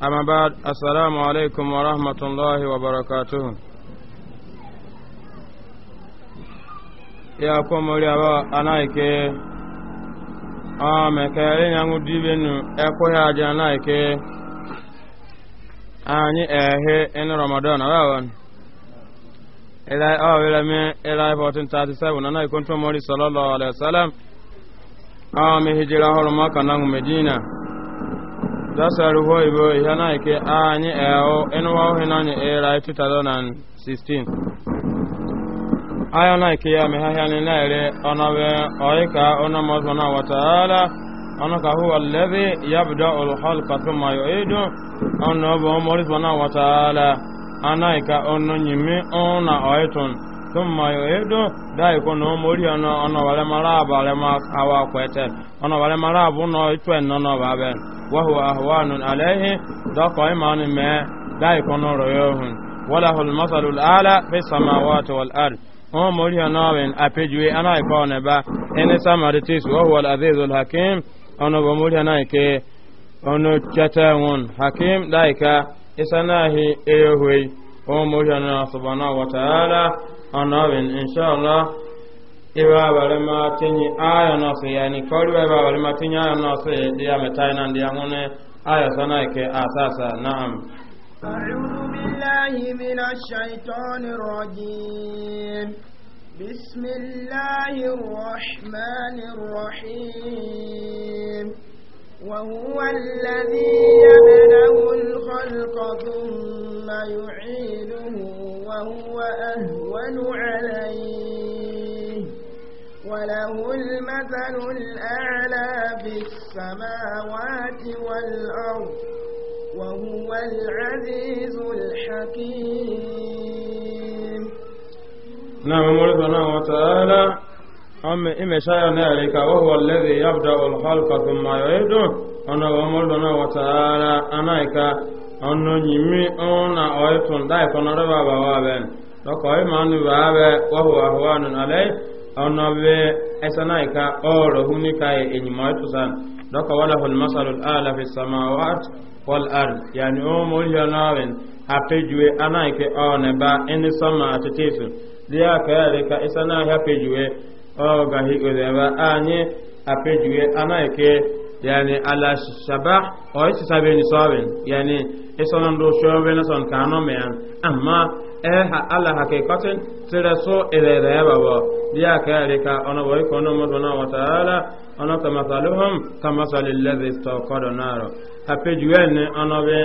Amma ba'd assalamu alaikum wa rahmatullahi wa barakatuhu. Ya kuma ri aba ana ike a mekere ya ngudi benu ekwe aja ana ike anyi ehe eni Ramadan aba Ilai a wele me ilai e 1437 ana ikon to mori sallallahu alaihi wasallam a mi hijira hol maka na Medina. dasaruho ibo ihana ike anyị eo enuwa ohi anyị era 2016 aya na ike ya mehahia ni na-ere ọnọbe ọyịka ọnụ na wataala ọnụ ka huwa levi ya bido olhol kasuma yo idu thumma yu'idu da iko no mori ono ono wale mara bale ma awa kwete ono wale mara bu no itwe no no babe wa huwa ahwanun alayhi da ko imani me da royohun wala hul masalul ala fi samawati wal ard o mori ono wen apejwe ana iko ne ba ene samari tisu wa huwa al azizul hakim ono bo mori ana ike ono chata won hakim daika isanahi eyohwe o mori ono subhanahu wa ta'ala anabin inshallah iba bare ma tinyi aya no se yani kori ba bare ma tinyi aya no se dia metaina ndia ngone aya sana ke asasa na'am أعوذ بالله من الشيطان الرجيم بسم الله الرحمن وهو الذي يبدأ الخلق ثم يعيده وهو أهون عليه وله المثل الأعلى في السماوات والأرض وهو العزيز الحكيم نعم الله سبحانه وتعالى أما إما شاءنا عليك وهو الذي يبدأ الخلق ثم يعيد أنا ومولدنا وتعالى أنايك أنو نيمي أنا أويتون دايك نربا بوابين لقوي ما نبابا وهو أهوان عليه أنا بي إسنايك أول هنيك إني مويتوسان لقا وله المثل الأعلى في السماوات والأرض يعني أمول ينابين hapejue anaike one ba ene sama atetesu dia kaya rika isana hapejue ọ gaghị ebe anyị apejuwe anaghịke yani ala shabah o isi sabe ni sobe yani isono ndo shobe na son kano mean amma eh ala hakikatin tira so ile da yaba ba biya kare ka ono boy ko no mo dona wa taala ono kama saluhum kama salil ladhi istaqada naro apejuwe ne ono be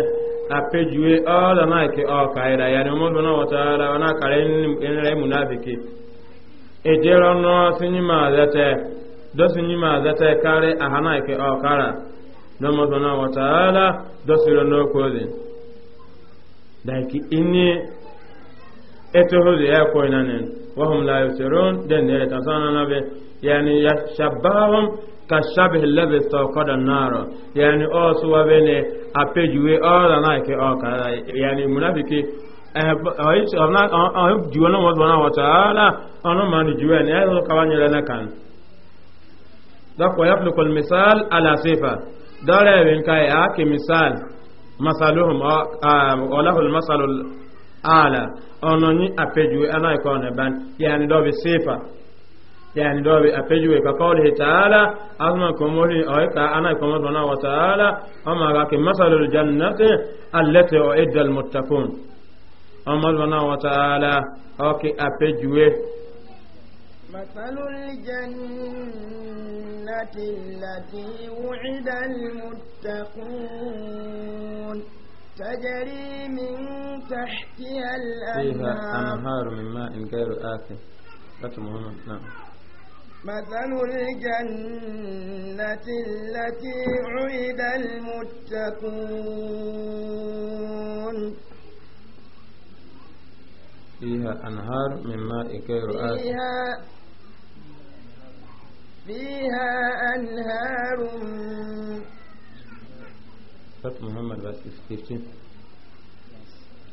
apejuwe ala na ke o kaira yani mo dona wa taala ona kare ni rai munafiki ejero no sinima zete do sinima zete kare ahana ike okara no mo na wa taala do siro no kozi daiki inni eto de ya ko inanen wa hum la yusirun den ne tasana nabe yani yashabahum ka shabih alladhi istawqada an-nar yani o suwa bene apejuwe o na ike okara yani munafiki juwa na wadda na wata'ala ọ̀nà ma ni juwa ni ẹ̀rọ kawo nyere na kan dọ́kọ̀ ya fi kọlu misal alasifa dọ́rọ̀ ẹ̀rẹ̀ nka ya ake misal masaluhum ọlahul masalul ala ọ̀nà ni apẹjuwe ana ikọ̀ ọ̀nà ban yani dọ́bi sifa yani dọ́bi apẹjuwe ka kọlu hita'ala azuma komori ọ̀ẹ́ka ana ikọ̀ mọ́tọ̀ na wata'ala ọmọ ga ke masalul jannati allati ọ̀ẹ́dal muttaqun ọmọ الله wọ́tàálà أوكي àpéjúwé مثل الجنة التي وعد المتقون تجري من تحتها الأنهار فيها أنهار من ماء غير آسف نعم مثل الجنة التي وعد المتقون فيها أنهار من ماء غير آسن فيها, فيها أنهار But محمد بس 15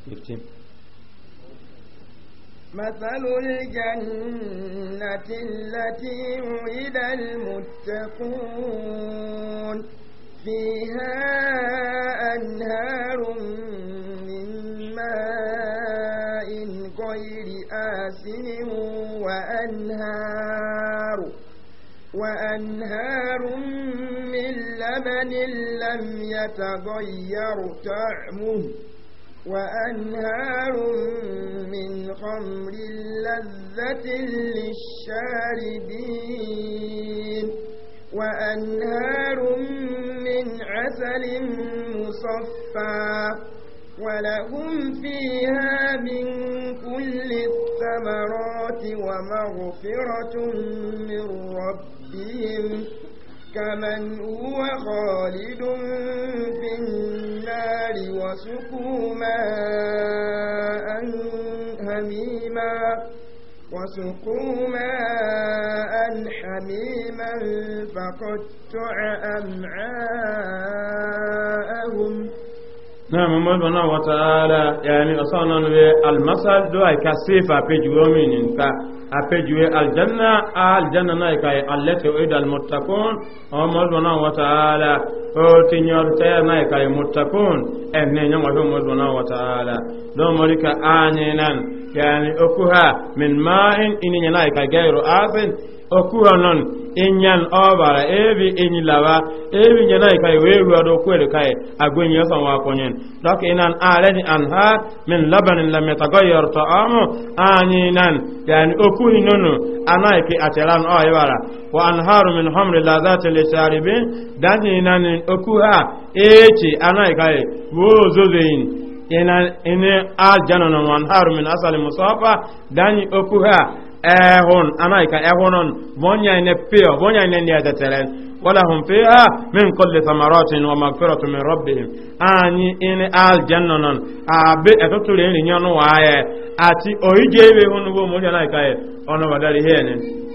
15 مثل الجنة التي وعد المتقون فيها أنهار من مواسم وأنهار وأنهار من لبن لم يتغير طعمه وأنهار من خمر لذة للشاربين وأنهار من عسل مصفى ولهم فيها من كل الثمرات ومغفرة من ربهم كمن هو خالد في النار وسقوا ماء هميما وسقوا ماء حميما فقطع أمعاءهم náà mọ́ mọ́dún náà wọ́ta ara yàní ọ̀sán náà lè almasado àìka sífà àpéjúwé omi nìta àpéjúwé aljanna aljanna náà ìka alẹ́tẹ̀ oídà almutakun ọmọ mọ́dún náà wọ́ta ara ó ti yàn ọ̀tẹ́ náà ìka almutakun ẹ̀nà ìyàn wọ́dún mọ́dún náà wọ́ta ara lọ́mọ́ríkà ányinan yàní okú ha min máa ń ìnìyàn náà ìka gẹ́rù áfin okuhonon inyan obara ebi enyilaba ebi nyana ikai weru ado kwere kai agwenye so wa konyen dok inan alani anha min laban lam yataghayyar ta'amu aninan yani okuhinonu anaiki atelan oyibara wa anharu min hamri ladhati lisharibin dani inan okuha echi anaikai wo zozein ina ina aljanna wan haru min asali musafa dani okuha ehun anaika ehunon bonya ne peo bonya ne ne datelen wala hum fiha min kulli thamaratin wa maghfiratun min rabbihim ani in al jannanon abe etotule ni nyanu waaye ati oije ibe hunu bo mo anaika e ono badali hene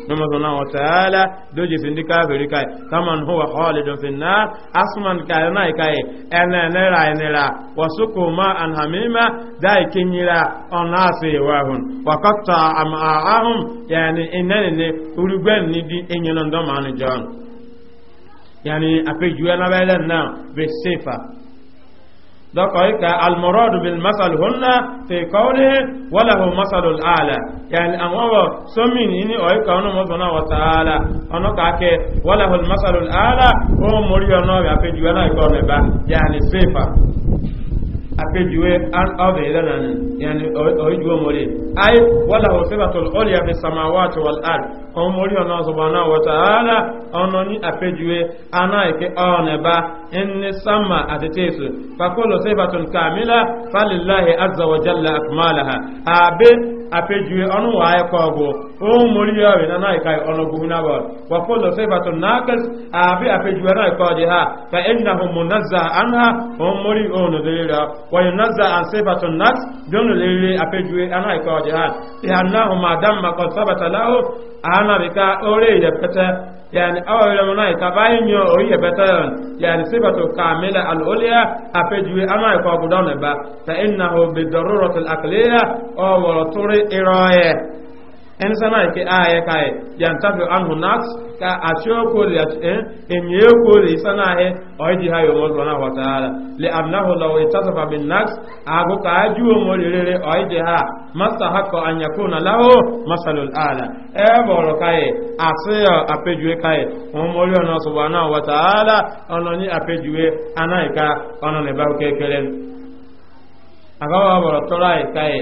nomba sõn na n wa taala do jesi ni kaafiri e kama n wa xaalidun fi nnaar asman kaa na y kae ɛnɛ ne ra ne ra wa sukuma an hamima daa y kinyira ɔn naa see waahun wa kata am aahum yaani i nɛ ne ne urugbɛn ni di i ɲinan dɔ maa ni jɔn a pe juya na bɛ na bɛ seefa دقائق المراد بالمثل هن في قوله وله مثل الأعلى يعني أمر سمين إني أيك أنا مصنع وتعالى أنا كاك وله المثل الأعلى هو مريم نبي أبي جوانا يقول يعني صفة àpéjúwé ọ̀bẹ̀ ìlànà yàní ọ̀ríjúwó mọ̀rí ayé wọ́lá òsèbàtọ̀lù ọ̀lẹ́ àfi samawati wàl'ad kan mọ̀rí ọ̀nà ọ̀sọ̀bọ̀nà wọ̀tàrà ọ̀nà ní àpéjúwé anáìké ọ̀nẹ̀bá ẹni sánmà àti tẹ́sù fakólòsèbàtọ̀lù kàmílà fàlìláhì azawajalla akmalaha àbẹ́ apejue ọnụ wa e ayịkọ ọgwụ ohun mori ya ọrị na naịka ọnụgwụ na bọl wakụlọ sefatọ na akes abi apejue naịka e ọdị ha ka ejina hụ mụ naza an e ha ohun mori ohun dịrịrị wọnyị naza an sefatọ nas bịọnụ lere apejue naịka ọdị ha ha na hụ ma dam maka sefatọ lahụ ana bika ore yepete yani awa wele mona ka bayi nyo o yepete yani sibatu kamila al ulya apejuwe ama ko gudone ba fa innahu bi al aqliya aw wa turi iraye ẹni sẹ́nà ìké ààyẹ nas ka e rẹ̀ ẹ̀yẹ́kò naa sẹ́nà ahẹ́ ọ̀ẹ́dì ha yọ̀ mọ́sùn náà wàtàrà lè àbúnáhùlọ́wọ́ ìtàṣàfà bin nas ààbò káájú ọmọ rere ọ̀ẹ́dì ha masa hakọ̀ anyakó na láwọ́ masalul ala ẹ bọ̀rọ̀ káyẹ àṣíyọ̀ àpéjúwe káyẹ ọmọ orí ọ̀nà ọ̀sùnwà náà wàtàrà ọ̀nà ní àpéjúwe anáìka ọ̀nà nìbá kékeré àgbàwọ̀ bọ̀rọ̀ tọ́lá ìkáyẹ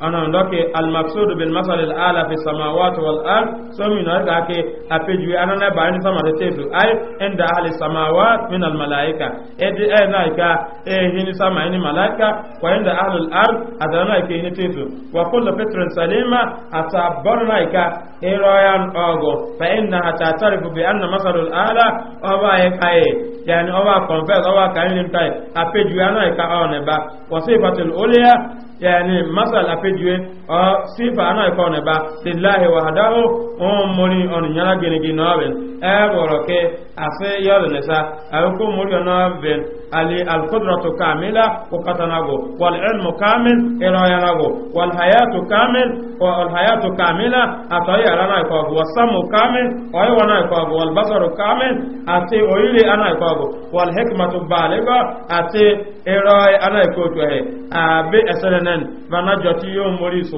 ana ndoke almaksudu bil masal al ala fi samawati wal ard so mi no ka ke apeju ana na ba ni sama tetu ai inda ahli samawat min al malaika edi e na ka e hini sama ni malaika wa inda ahli al ard adana ke ni tetu wa kullu fitrin salima atabarna ka e royan ogo fa inna tatarifu bi anna masal al ala o e. ba e kai yani o ba confess o ba kan ni kai apeju ana ka oneba wa sifatul ulia yani masala pe sifa ana ko ne ba lillahi wahdahu on mori on nyana gene gi noben e boro ke afe yol ne sa ay ko mori on ben ali al qudratu kamila ko katanago wal ilmu kamil ila yanago wal hayatu kamil wa al hayatu kamila ataya rana ko wa samu kamil ay wana ko wal basaru kamil ate oyile ana ko wal hikmatu baliga ate ira ana ko to he abe eselenen bana yo mori so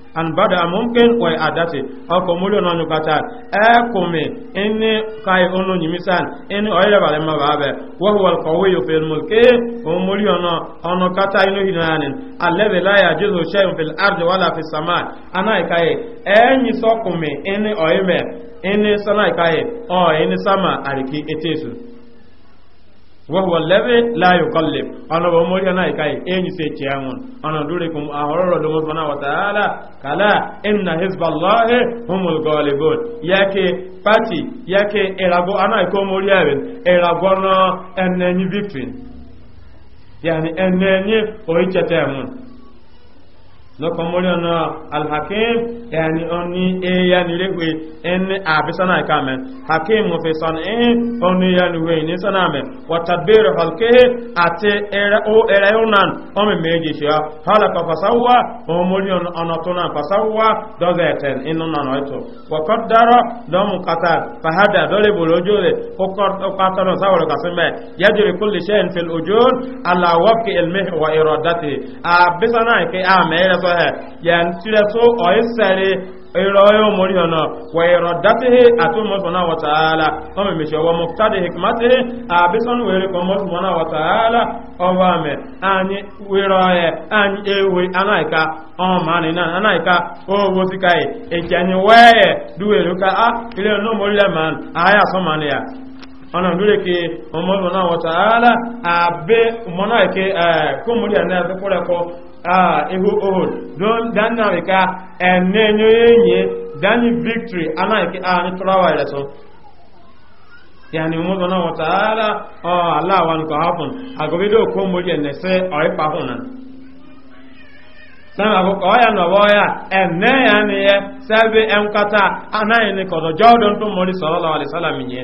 an bada mumkin wa adati ọkọ̀ múlò náà ní pátá ẹkùnmi e inú káyí ounú yìmísàn inú ọ̀yẹ́ bàrẹ̀ mọ́ bàá bẹ̀ wọ́wọ́ kọ̀wé yóò fi mulki ohun múlò náà ọ̀nà kátá inú hìnnàní alẹ́bẹ̀ láyà jésù sẹ́yìn fi ardi wàlà fi sàmà anáìkáyé e ẹ̀yìn sọ́kùnmi inú ọ̀yẹ́ mẹ́ inú sanáìkáyé ọ̀ inú sàmà àríkí etéṣù وهو الذي لا يقلب انا بمولي انا كاي اني سي تشامون انا دوريكم اورو دو سبحانه وتعالى كلا ان حزب الله هم الغالبون yake party yake erago ana iko mori awen erago no enenyi victory yani enenyi oichete mun lọ́kọ̀ mọ́rí ọ̀nà alhakim ẹni ọ̀ní ẹ̀yà níléwé ẹni àbísánà ìkàmẹ́ hakim fi sọ̀nà ẹ̀hìn ọ̀ní ẹ̀yà níwé ní sọ̀nà mẹ́ wọ́tàbẹ̀rẹ̀ ọ̀kẹ́ àti ẹ̀rẹ́ ọ̀nà ọmọ méjì ṣe hálàkọ̀ fasáwà ọmọrí ọ̀nà tó náà fasáwà dọ́gẹ̀tẹ̀ inú nànà ẹ̀tọ́ wọ́kọ́ dárọ̀ lọ́mù kata fahada dọ́lẹ̀ bòrò ojú rẹ̀ kọ́kọ́tọ̀nà sáwọ̀rọ̀ kàsímẹ̀ yẹ́dùrì kúlì ṣẹ́ ń fi ojú alàwọ́kì ilmi wa ìrọ̀dátì àbísánà ìkẹ́ àmẹ́ ẹ̀rẹ́ sọ wɛhɛ yɛn tirɛ so ɔyɛ sɛre ìrọ̀yọ̀ mọ̀rí ọ̀nà wẹ̀rọ̀ dátẹ́hẹ́ àtúmọ̀sọ̀nà wọ̀tàálà ọmọ ìmẹ̀ṣẹ̀ wọ mọ̀tàdé hikmatẹ́hẹ́ àbísọ́nù wẹ̀rẹ̀ kọmọ̀sọ̀nà wọ̀tàálà ọwọ́ àmẹ́ àni wẹ̀rọ̀ ẹ̀ àni ewé anáìka ọmọ anáìka owó ìjẹni wẹ́ẹ̀ dúwẹ̀rẹ̀ ká á ilé ọ̀nà ọ̀nà ọmọ ìmọ̀nà àbẹ́ ìmọ̀nà ẹ̀ Ah, ihu ohun don dan na wika ene eh, nyo yenye dani victory ana ke ani ah, turawa ile so yani mo dona wa taala o ah, allah wan ko hapun agobe do ko mo je ne se o pa hona sama ko ko ya no boya ene ya ne ye sabe en kata ana ni ko do jodon to mo sallallahu alaihi wasallam ye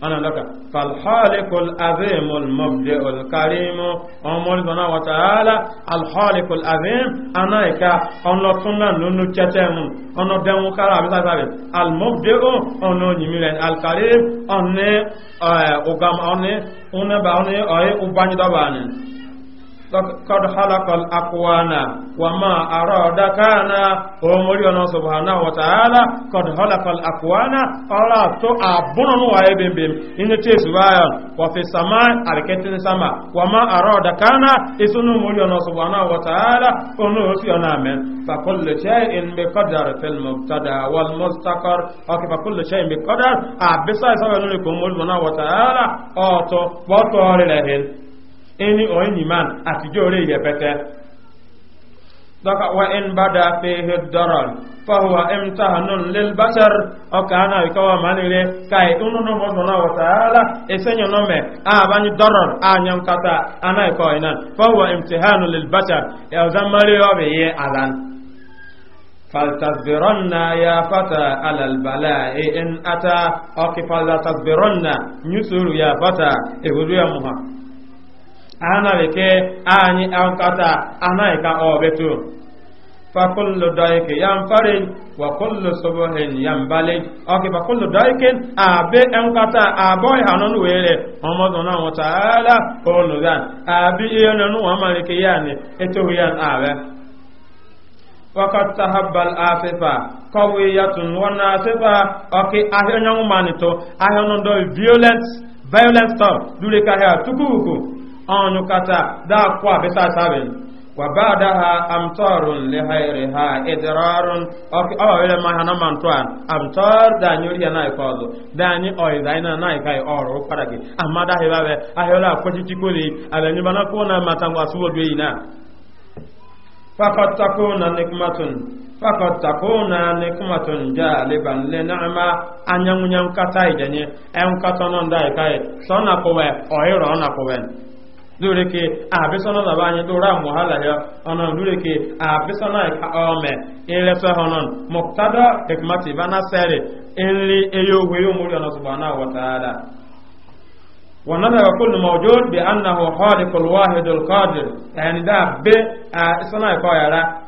ana laka fal khaliqul azimul mubdiul karim ọmọdé sọ̀nà wàtà ààlà al khaliqul azim ana ìka ọ̀nà túnlá lónú tẹ́tẹ́ mu ọ̀nà dẹ́mu kára àbí sáfẹ́ al mubdiul ọ̀nà ònyìnbílẹ̀ al karim ọ̀nà ọ̀gàm ọ̀nà ọ̀nà ọ̀yẹ́ ọ̀bányídọ́bà ni. قد خلق الأقوان وما أراد كان ومريون سبحانه وتعالى قد خلق الأقوان ألا تؤبن وعيب بهم إن تسوايا وفي السماء أركتن سما وما أراد كان إسن مريون سبحانه وتعالى ونوسيون آمن فكل شيء بقدر في المبتدا والمستقر أوكي فكل شيء بقدر أبسا يسوى نلكم مريون سبحانه وتعالى أوتو وطور لهن ẹni ọ̀yìn man àtijọ́ orí ìyẹ̀pẹ̀tẹ́ dọ́ka wa in bá da fi hi dọ́rọ̀ fọwọ́ ẹm tahanun lil bashar ọkà ana ìkọwà mánire káì inúnú mọ́sánà wàtàálà ìsẹ́yìn nọ́mẹ̀ àbáyí dọ́rọ̀ àyàn kata ana ìkọwà iná fọwọ́ ẹm tahanun lil bashar ẹ̀ọ̀zán mọ́rí ọ̀bẹ̀ yẹ àlán فلتصبرن يا فتى على البلاء إن أتى أو فلتصبرن نسر يا فتى إبدو يا محمد ana ke anyị ankata anaghị ka ọ betu fakullu daikin ya farin wa kullu subuhin ya bali ok fakullu daikin abe ankata aboy hanon were ọmọdun náà wọn tààlà olùdán àbí iye ni afifa manito violent violent stuff tukuku ọnụ kata dakwa bisa sabin wa ba'daha amtarun li ghayriha idrarun awawele ma hana mantuan amtar da nyuri ya nai kozo da nyi oiza ina nai kai oro paragi amma da heba be ayola kwati tikuri ala nyi bana ko na matangwa suwo be na Nekumatun takuna na Nekumatun takuna nikmatun jaliban na ni'ma anyangunyam kata ijenye en katonon dai kai sona kowe oiro na kowe lórí ke àbísọ́nà làbá yẹn tó rà mọ́hálà yọ ọ̀nà lórí ke àbísọ́nà ìka ọmọ ìrẹsẹ̀ ọ̀nà mọ̀tádọ́ ìkùmátì bá náà sẹ́rẹ̀ ìrìn eyín owó yóò múrí ọ̀nà ṣùgbọ́n náà wọ̀tàádà. ونذر كل موجود بأنه خالق الواحد القادر يعني ده ب سنة يقول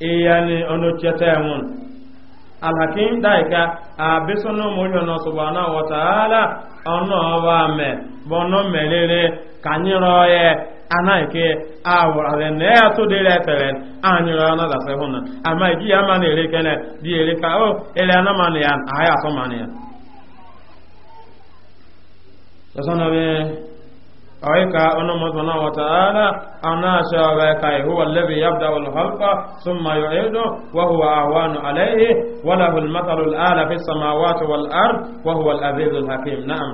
iyani onu chetemun alhakim daika abisono mulyono subhanahu wa ta'ala ono wa me bono melele kanyiroye anaike awurale na ya to dere etere anyịrị ọnụ dasa hụna ama iji ya na-ere kene dị ere ka o oh, ele ana ma na ya ma na ya أيكا أنما سبحانه وتعالى أنا شابك هو الذي يبدأ الخلق ثم يعيده وهو أهوان عليه وله المثل الأعلى في السماوات والأرض وهو العزيز الحكيم نعم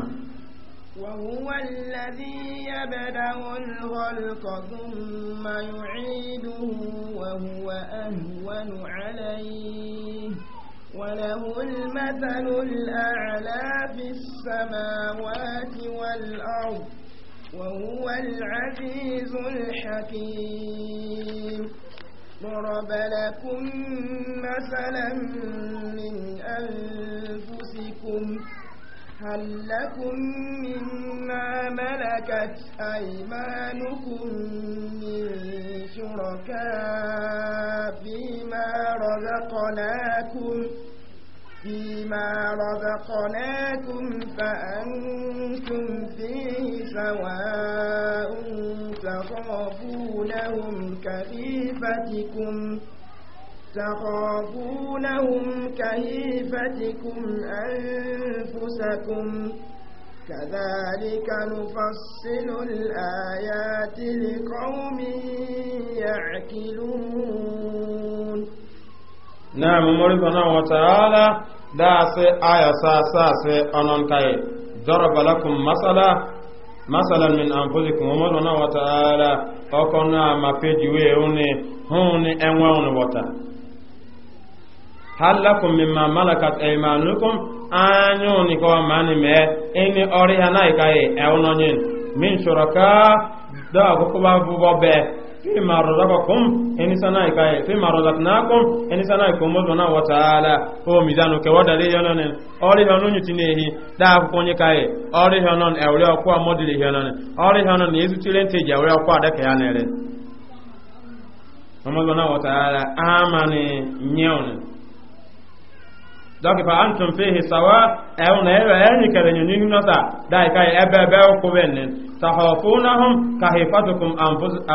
وهو الذي يبدأ الخلق ثم يعيده وهو أهون عليه وله المثل الأعلى في السماوات والأرض وهو العزيز الحكيم ضرب لكم مثلا من أنفسكم هل لكم مما ملكت أيمانكم من شركاء فيما رزقناكم فيما رزقناكم فأنتم فيه سواء تخافونهم كخيفتكم تخافونهم كهيفتكم أنفسكم كذلك نفصل الآيات لقوم يعقلون نعم مرضنا وتعالى da sai aya saa sa sai anon kai daraba lakum masala masala min anfusikum wa mawlana wa ta'ala na ma peji we uni huni enwa uni wata hal lakum mimma malakat aymanukum anyo ni ko mani me ini ori hanai kai e ononyin min shuraka da ko ko ba bu be fi ma razaqakum eni sana ikaye fi ma razaqnakum eni sana ikomo zona wa taala o mizanu ke wadale yononen ori hanu nyutinehi da ko nyikaye ori hanon ewre okwa modili hanon ori hanon yesu tilente jawre okwa da kayanere Mama zona wa taala donc fa antum fihi sawa aw na ebe enyi kere nyonyi nota dai kai ebe ebe ukubenin tahafunahum kahifatukum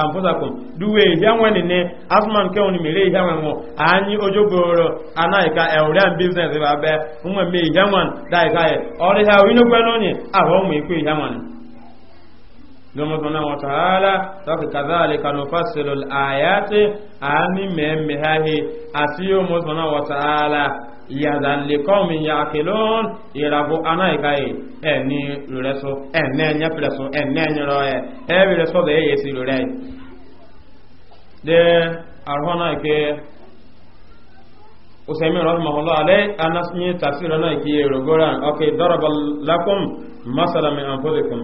anfusakum duwe ihe yanwani ne asman ke ihe mere yanwanwo anyi ojogoro anai ka euran business ba be umwe me yanwan dai kai ori ha winu gbanonye awo mu iku yanwan lọ́mọ́sánà wọ́n tààlá tọ́kì kàzáàlì kanúfàṣẹ́lò àyàtì àmì mẹ́mẹ́háhì àti yọ́mọ́sánà wọ́n tààlà ìyàzàlẹ́kọ́mì yàkìlọ́n ìràbò anáìkáyè ẹ̀ní rẹ̀sọ ẹ̀nẹ́ẹ̀nyẹ́pẹ̀rẹ̀sọ ẹ̀nẹ́ẹ̀nyẹ́rọ̀ ẹ̀ ẹ̀rí rẹ̀sọ bẹ̀ẹ́ yẹ sí rẹ̀ de arhona ke usaimin rahimahullah alai anas ni tafsir na ke rogoran okay darabal lakum masalan min anfusikum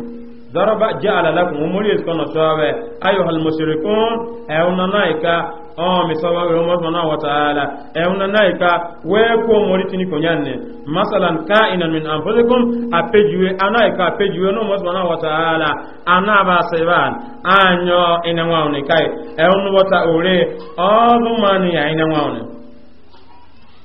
ضرب جعل لكم ومولي سكن سوى أيها المشركون أيونا نايكا أو مسوى يوم سبحانه وتعالى أيونا نايكا ويكو مولتني كنيان مثلا كائنا من أنفسكم أبجوي أنايكا أبجوي نوم سبحانه وتعالى أنا باسيبان أنيو إنواوني كاي أيونا وتعالى أوزماني إنواوني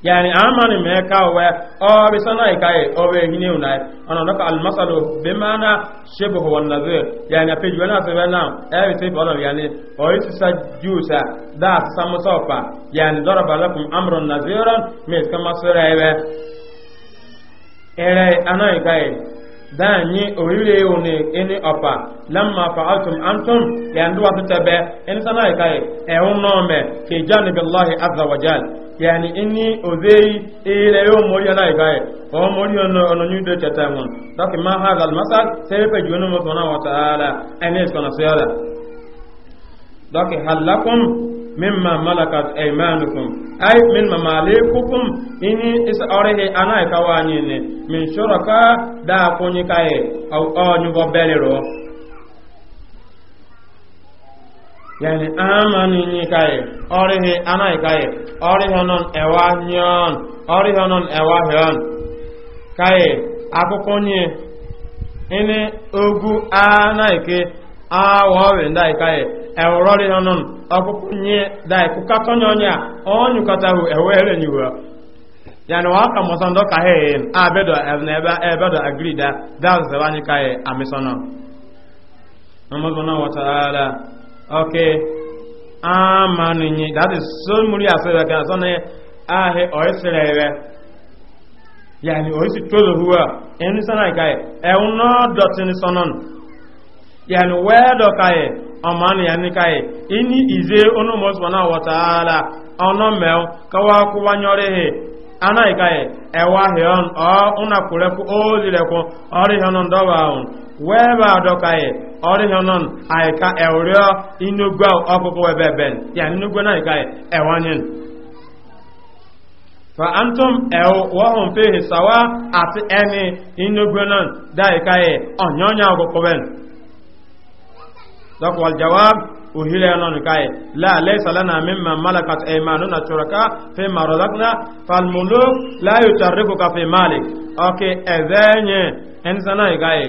yani amani me kawe o oh, bi sana kai o oh, be hini unai ona naka al masalu bi mana shibhu wan nazir yani apeji wana se bana e bi se bana yani o isi sa jusa da samusofa yani daraba lakum amrun naziran me kama sura ebe ere anai kai da nyi oyire one ene opa lamma fa'altum antum yandu wa tatabe en sana kai e unno me ke janibillahi azza wa jalla yani ini ozei ile yo moriyo na igaye o moriyo ono no nyu de chata mon donc ma hadha al masal sebe juno mo sona wa taala ene sona sayala donc halakum mimma malakat aymanukum ay mimma malikukum ini is orehe ana ikawani ne min shuraka da kunyi kae au onyu bo belero yani amani ni kai orihi anai kai orihi non ewanyon orihi non ewahion kai akụkọ nye ini ogu anai ke awo we ndai kai ewrori non akụkọ nye dai kuka tonyonya onyukatahu ewere niwa yani wa aka mọsọ ndọ ka he abedo ebe ebedo agrida that's the one kai amisono Allah subhanahu wa ta'ala okay amaninyi that is so muri asebe kan so ne ahe oisirere yani oisi tolo huwa eni sana kai e uno dotin sonon yani wedo kai omani yani kai ini ize onu mosbana wa taala ono mel kawa kuwa nyore he ana he on o una kureku o ori hanon dawa on wẹ́ẹ̀bà àdọ́kàyè ka àìka ẹ̀wùrẹ́ inúgbà ọkùnkùn wẹ́bẹ̀ bẹ̀n yà na náà ìkàyè ẹ̀wọ́nyìn fa antum ẹ̀wù eh, wọ́hùn fèhì sàwá anyị ẹni inúgbà náà dá ìkàyè ọ̀nyọ́nyà oh, ọkùnkùn bẹ̀n dọ́kọ̀ aljawab òhìrì ẹ̀nà nìkáyẹ̀ láàlẹ́ ìsàlẹ́nà mímọ̀ malakat ẹ̀mánú na ṣùrọ̀ká fi marozakna falmulu láyùtà ríkùka fi malik ọkẹ̀ eh, na ẹ̀yẹn ẹnisánà ìgáyẹ̀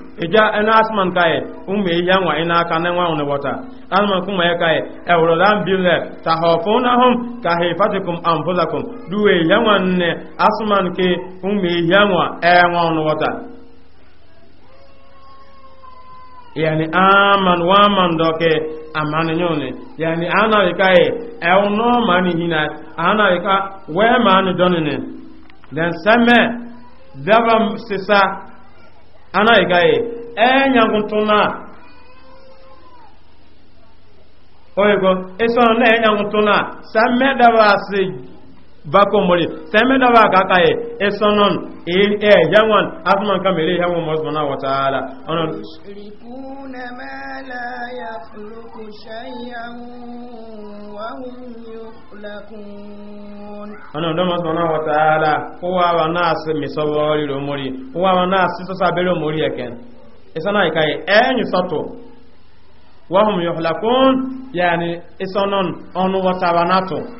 ija ina asman kaye umme iya wa ina ka nan wa ona wata asman kuma ya kaye e ta billa tahafunahum ka hifatikum anfusakum duwe iya wa ne asman ke umme iya wa e wa ona wata yani aman wa man doke amani nyone yani ana kaye e ono mani hina ana ka we mani donene dan same daba sisa anaghị gaghị enyanwụtụna e, e oyego esonụ na enyanwụtụna sa mmedabasị bakomori sɛmɛda b'a ka ka ye e e ɛ yaŋɔn e, e, asuman ka mele yaŋɔ mɔ sɔnna wa taala ɔnɔ. yusrikuna ma la yakhluqu shay'an wa hum ɔnɔ dɔmɔ sɔnna wa taala ko waaba n'a se misɔbɔri lo mori ko waaba n'a se sɔsabere mori yɛ kɛn e sɔnna yi e ka ye ɛ nyusɔtɔ wa yaani e ɔnu wa taaba n'a tɔ.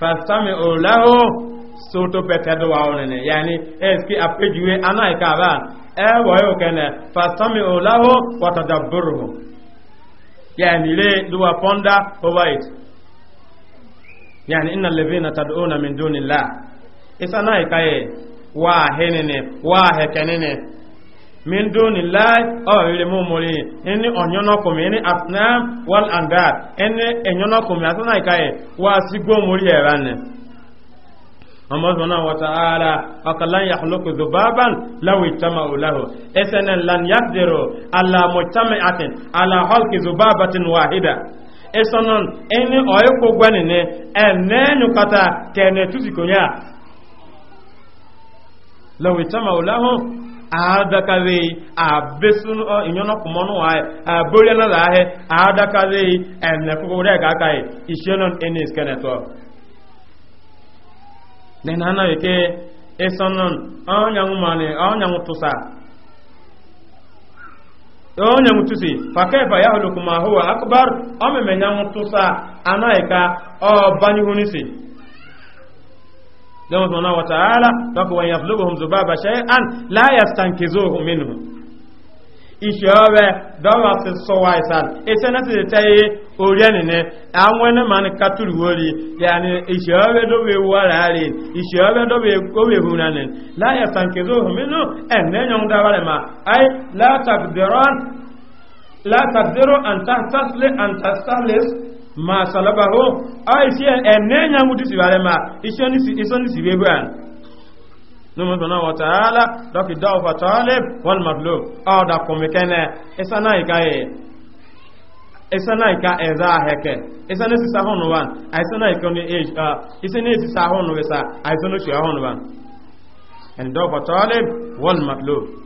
fasitami olaho soto pɛtɛ do wa wɔnene yanni ɛsike apejuwe ana yi ka ba ɛ wɔyɔ kɛnɛ fasitami olaho wɔtɔda boroho yanni le do wa pɔnda over it yanni ina levi na tadu ona min doni la isa na yi ka ye waa hinini waa hɛkɛnini. min duni lai ọ̀rẹ́rẹ́ mú múrí ẹni ọ̀nyọ́nọ́kùnmí ẹni afnam wal andad ẹni ẹ̀nyọ́nọ́kùnmí àtúnà ìkáyẹ̀ wá na gbó múrí ẹ̀rá ni ọmọdúnmọ́nà wọ́tàálà ọkàlá yàkùlókù zubaban láwì tama òláhù ẹsẹ̀nà lan yàdìrò alàmọ̀tàmì àtìn alàhọ́lkì zubabatin wàhídà ẹsọ̀nà ẹni ọ̀ẹ́kọ̀ gbẹ́nìní ẹ̀nẹ́ẹ̀nùkọta kẹ̀ẹ̀nẹ̀ túsìkò yá láwì tama adakawe abesu uh, inyono kumono wa abori na la he enne kugo re ga kai ishenon enis keneto den ana yake esonon uh, uh, tusa onyanwu tusi huwa akbar anaika lọ́wọ́ sọ̀nà wọ̀ta ààlà lọ́kọ̀ wọ́n yà fúlùbọ̀ hùn zùbá bá ṣe án láyà stankizo hùn mínú iṣẹ́ ọ̀rẹ́ dọ́wọ́ sí sọ́wọ́ àìsàn iṣẹ́ náà sì tẹ́yẹ orí ẹnìyàn àwọn ẹni máa ní kátùrù wọlé yàní iṣẹ́ ọ̀rẹ́ dọ́wọ́ ewu ara rẹ̀ iṣẹ́ ọ̀rẹ́ dọ́wọ́ ewu rẹ̀ nì láyà stankizo hùn mínú ẹ̀ẹ́dẹ́yàn dáwọ́ rẹ̀ máa ayé látàkùdẹ̀rọ̀ àǹtàkùdẹ̀rọ̀ àǹtàkùdẹ̀rọ̀ ma salabahu ay si enne nya mudu si bare ma isoni si isoni si beban numu sona wa taala doki daw fa talib wal madlub aw da komekene esana ikaye esana ika eza e heke esana si sahon wan esana ikoni age ah esana si sahon wesa esana si sahon wan and daw fa talib wal madlub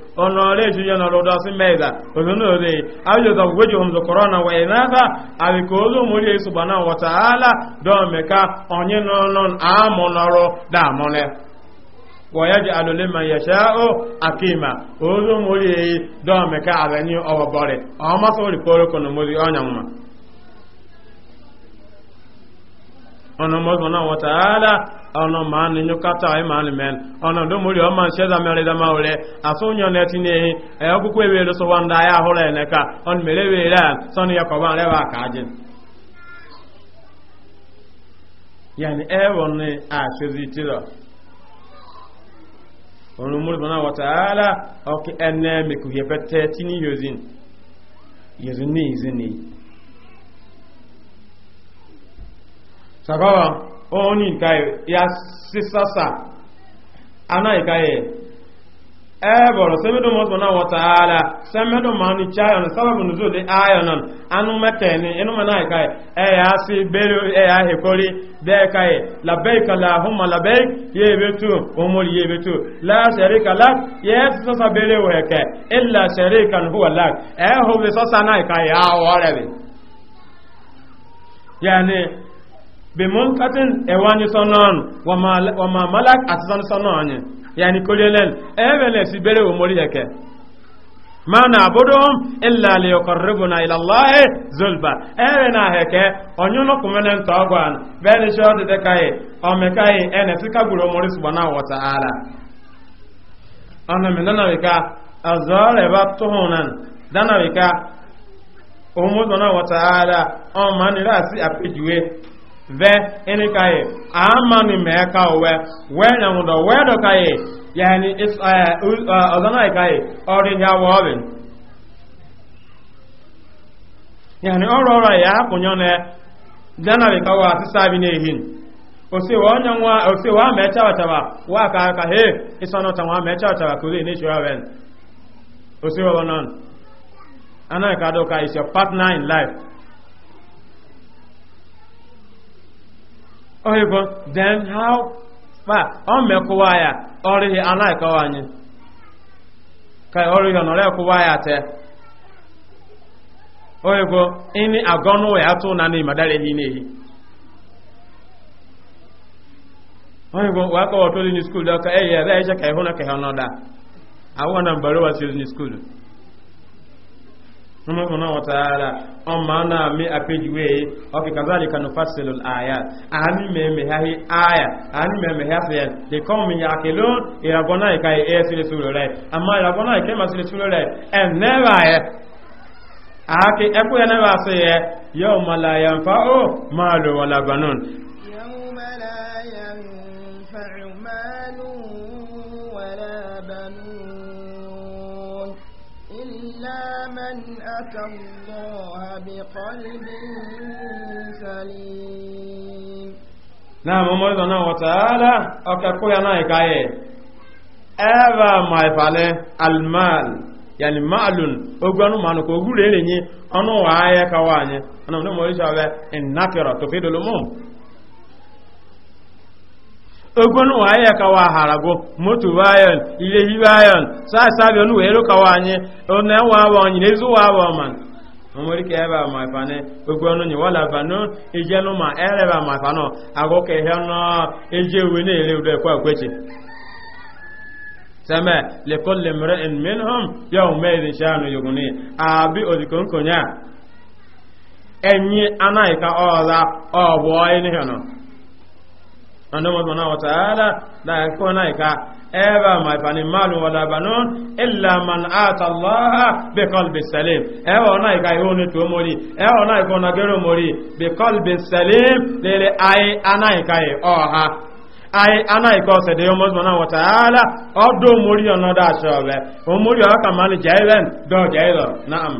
ono le ju yana lo da meza ono le ayo da gweju hum zukorona wa inaza abi ko zo mo suba na wa ta'ala do meka onye no non amonoro da monle wa yaj'alu liman yasha'u akima ozo mo le do meka abeni obobore o ma so ri ko ko no mo ri onyanwa ono mo subhanahu wa ta'ala ọ̀nà maanị ní yóò kátà ẹ̀ máa ní mẹ́rin ọ̀nà tó múrí ọmọ ṣẹ́dá mẹ́rin dámà rẹ̀ àtúnyàn ẹtí ní ẹ̀yìn ẹ̀yọ́ kúkú ewé ló sọ wọn dáyà ahọ́rọ̀ ẹ̀nẹ́ka ọ̀nà mẹ́rẹ̀ wé rẹ̀ sọ́ni ẹ̀kọ́ wọn rẹ̀ oni nkae ya sisasa ana ikaye ɛbɔrɔ sɛmɛdɔ mɔsɔn na wɔ taala sɛmɛdɔ maa ni caya na sababu nuzo de aya na anu mɛtɛni inu mɛ n'a yi ka e, yi ɛ y'a si bere ɛ y'a hekori bɛɛ ka yi labɛyi ka la huma labɛyi ye bɛ tu omori ye bɛ tu la sɛri ka la yɛ sɔsɔ bere wɛ kɛ e la sɛri ka nuhu wa la ɛ ho bɛ sɔsɔ n'a yi ka yi a wɔɔrɛ bi yanni. bimunkatin ewani sonon wama malak ati son sonon yani kolelen ebele si bere omori yake ma na abudum illa li yuqarribuna ila allah ere na heke onyuno kumenen togwan bere shodi de kai o me kai ene sika guro omori subhanahu wa ta'ala ana menana wika dana wika omo wa ta'ala o manira si apejuwe ve ini kaye amami me ka we we na mudo we do kaye yani is uh ozana e kaye ori nya wo bin yani oro oro ya kunyo ne dana be ka wa tisabi ne hin ose wa onye nwa ose wa me cha cha wa ka ka he isono ta wa me cha cha ko le ne shwa wen ose wa non ana e ka do ka is your partner in life oyibo then how far ọ mekụwa ya ọrịghị anaghịkọwa anyị ka ọrịghị ọnọrọ ekwụwa ya te oyibo ịnị agọnụ ya atụ na n'ime adara ehi n'ehi oyibo wa kọwa ọtụrụ ni skuul dọka eyi ebe eche ka ịhụ na ka ịhụ n'ọda awụ na mbara wa siri ni skuul numu suna wa ta'ala on mana mi a page way ok kazalika nufassilu al-ayat ani me me hahi aya ani me me hahi de kom mi yakilun ila gona ka e sile sulu rai amma ila gona ke ma sile sulu rai and e never e ya ake eku ya never say yawma la yanfa'u malu wala banun من أتى الله بقلب سليم نعم أمور الله وتعالى أكاكويا نايكاية أبا ما يفعله المال yani ma'alun ogwanu manu ko gure renye ono wa aye kawanye wanye ana no mo isa be nakira to mum anyị waya kawa harago moto bayan ilehi bayan sa sabi onu wero kawa anyi ona wa wa anyi nezu wa wa man omori ke ba ma fane ogon onyi wala fano ijelu ma ere ba ma fano ago ke he no eje we na udo kwa kweche sama andomo subhanahu wa ta'ala la yakuna ika eba ma ifani malu wala banun illa man ata Allah bi qalbi salim ewa ona ika iho ni to mori ewa ona ika ona gero mori bi qalbi salim lele ai ana ika e oha ai ana ika ose de yomo subhanahu wa ta'ala odo mori ona da shobe o mori aka mani jailen do jailo na'am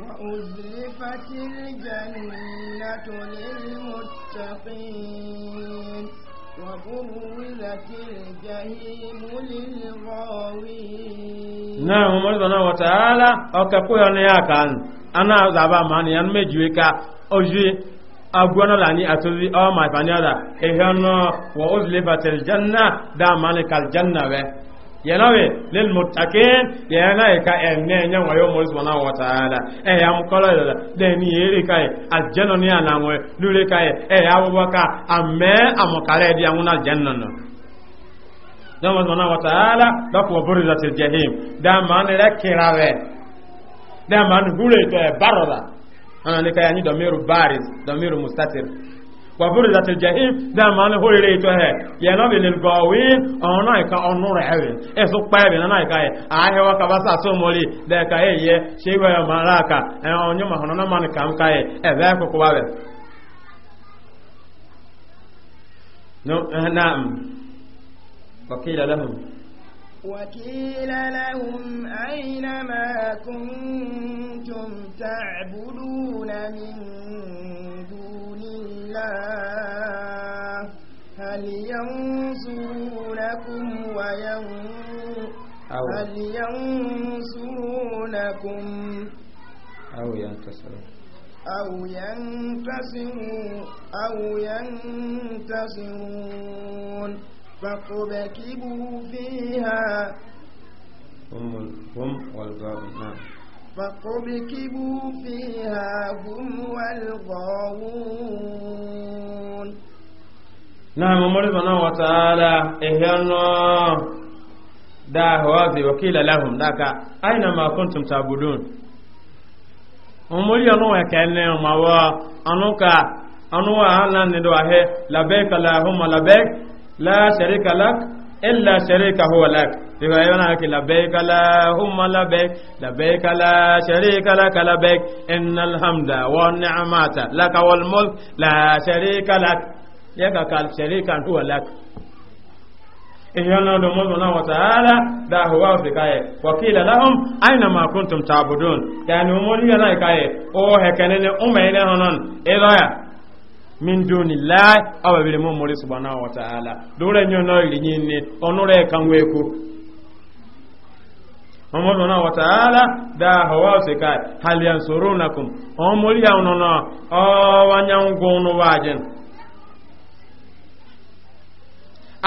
wa uzlifatil jannatu lil muttaqin Naam Muhammad subhanahu wa ta'ala okakuyo ne akan ana zaba mani yan mejuwe ka oje agwana lani atozi o ma fanyada ehano wa uzlibatil janna da malikal janna we yanawe lil muttaqin yana ka enne nya wayo mo subhanahu wa ta'ala e ya mkola da de ni ere kai aljanna ni ananwe lure kai e ya abubaka amme amokare di amuna janna no dama zɔnna wa taala lɔkɔ wa bori lati jahim dama e ni rɛ kira rɛ dama ni hule tɔ ye baro la ana ni kaya ni dɔmiru baris dɔmiru mustatir wa bori lati jahim dama ni hule rɛ tɔ ye yɛlɛ bi lil gɔwi ɔn n'a yi e ka ɔn rɛ bi e so kpɛ e bi n'a yi ka ye a wa kaba sa so mɔli dɛ ka ye yɛ sehu yɛ ma la ka ɛ ɔn nyɛ ma hɔn n'a ma ni kam ka ye ɛ bɛɛ ko bɛ. وقيل لهم وقيل لهم أين ما كنتم تعبدون من دون الله هل ينصرونكم وينصرون هل ينصرونكم أو ينتصرون أو ينتصرون أو ينتصرون فارتكبوا فيها هم هم والغاوون فارتكبوا فيها هم والغاوون نعم الله سبحانه وتعالى إهيانا دا هوازي وكيل لهم داكا أينما كنتم تعبدون أمولي أنو يكالنا وما هو أنوكا أنو أهلا ندو أهي لبيك اللهم لبيك لا شريك لك إلا شريك هو لك يقول يقولنا لك لبيك لا هم لبيك لبيك لا شريك لك لبيك إن الحمد والنعمات لك والملك لا شريك لك يقول يكاك شريكا هو لك إيانا الله وتعالى ده هو أفريكاية وكيل لهم أينما كنتم تعبدون يعني أمولي لايكاية أو هكذا أمين هنان إذا min duni lai awa bere mun muri subhanahu wa ta'ala dore nyo no irinyi ni onure kan weku Muhammad subhanahu wa ta'ala da hawa se kai hal yansurunakum o muri ya unono o wanyan gonu wajin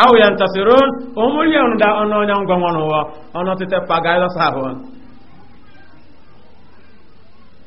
aw yantasirun o muri ya unda ono nyan gonwono wa ono tete pagai da sahon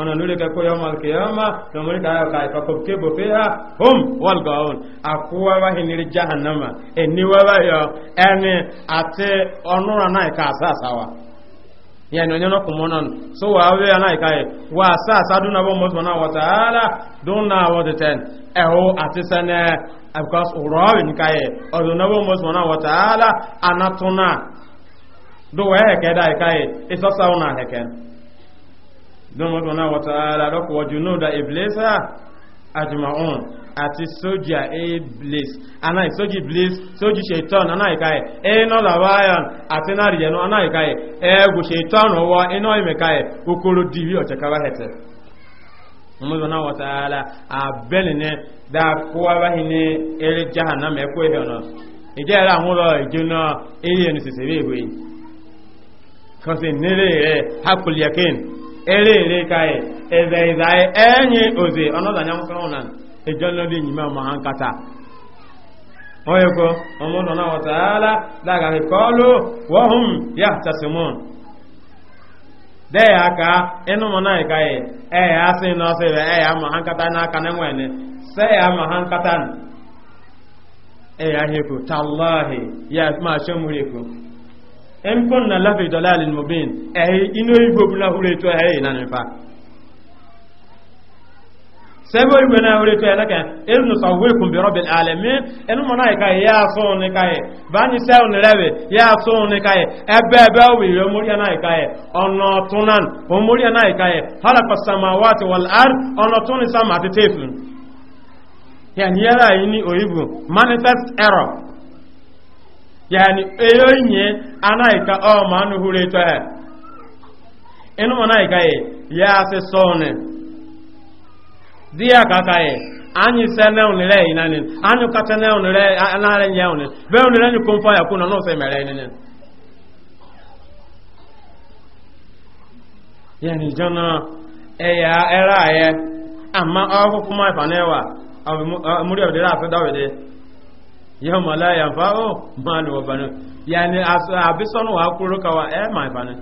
ono lule ka ko yawmal qiyama to muri ka ka fa ko ke bo fiha hum wal gaun akuwa wa hinir jahannama eni wa wa yo ene ate onura na ka wa yani onyono kumonon so wa we ana ka e wa sasa duna bo mo na wa taala duna wa de ten eho ate sene because urawi ni ka e, e na wa dọ́mọ́ tó náà wọ́ta ara lọ́kọ̀ wọ́jú náà da ìbílẹ̀sà àjùmọ̀ọ́n àti sójà iblis aná iblis aná iná àti iná rìyẹnu aná ìka ẹ̀ ẹ̀ẹ́gù ṣètọ́n ọwọ́ iná ìmẹ̀ka ẹ̀ okoro dìbí ọ̀tẹ̀káwá hẹ̀tẹ̀ mọ́tò náà wọ́ta ara àbẹ́lì ní dákúwá báyìí eré jahannam ẹ̀kọ́ ìhẹ̀ ọ̀nà ìjẹ́ àwọn eré ìwé nílé erere kaị eze ịzaị enyi oze ọnọdụ anya mụsọrọ na ejonlọdị enyima e, ma ha nkata oyeko ọmụdụ na wataala dagaghị kọlu wọhụm ya tasimon dee ya ka ịnụmụna ịkaị eya asị na ọsị ebe eya ma ha nkata aka na enwene se ya ma ha nkata eya heko tallahi ya ma shemureko in kunna lafi dalalin mubin eh ino igbo bula hure to eh ina e nifa na hure to elaka in nusawwikum bi rabbil alamin in mona ka ya so ni kai bani se on rewe ya so ni kai ebe ebe o bi omori na e kai ono tunan omori na e kai halaka samawati wal ard ono tun sama yani eyo nye anaika o ma anu hure to he inu anaika ye ya se sone dia kaka ye anyi sene onire inani anyu kacha onire nye be ya kuna no se mere ni yani jona eya era ye ama ofu kuma ifanewa muri of the last dawide yawma la yanfa'u malu wa banun yani wa kuro eh, ma banu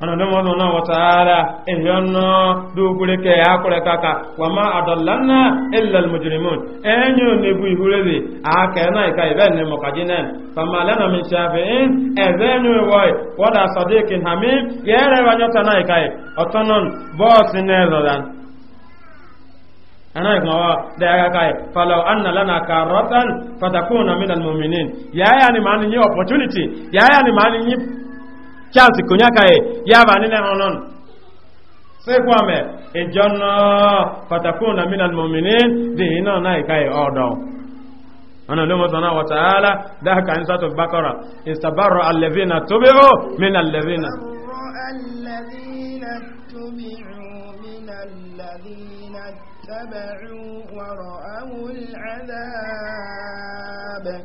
ana da mazo na wataala ehyanno dubule ke akure kaka wa ma adallanna illa enyo ne bu ihurele aka na ika ibe ne mokajina fama lana min shafi'in ezenyo e wai wada sadiqin hamim na ika ana imawa da ya kai falau anna lana karatan fatakuna minal mu'minin yaya ani mani ni opportunity yaya ani mani ni chance kunya kai ya ba ni na honon sai kwa me ejonna fatakuna minal mu'minin di ina na kai odo ana lomo sana wa ta'ala da haka in satu bakara istabarra allazina tubu min allazina allazina tubu min اتبعوا ورأوا العذاب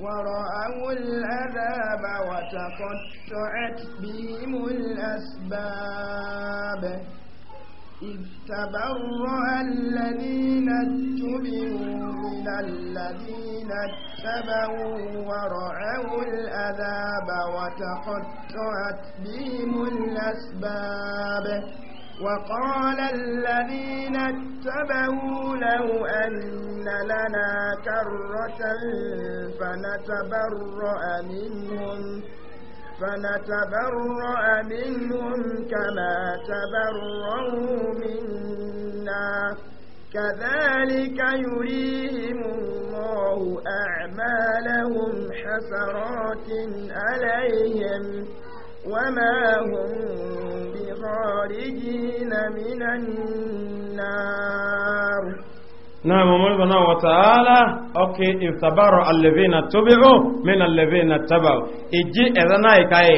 ورأوا العذاب وتقطعت بهم الأسباب إذ تبرأ الذين اتبعوا من الذين اتبعوا ورأوا العذاب وتقطعت بهم الأسباب وقال الذين اتبعوا لو أن لنا كرة فنتبرأ منهم فنتبرأ منهم كما تبرأوا منا كذلك يريهم الله أعمالهم حسرات عليهم وما هم الخارجين من النار نعم الله سبحانه وتعالى اوكي انتبروا الذين تبعوا من الذين تبعوا اجي اذنا يكاي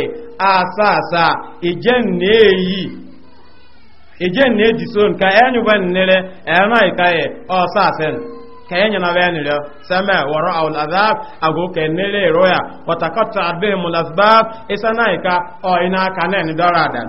اساسا اجي نيي اجي نيجي سون كاي نيو بن نيله انا يكاي اساسن كاي نينا بنيله سما ورا او العذاب اغو كاي نيله رويا وتقطع بهم الاسباب اسنا يكا او انا كان ندرادن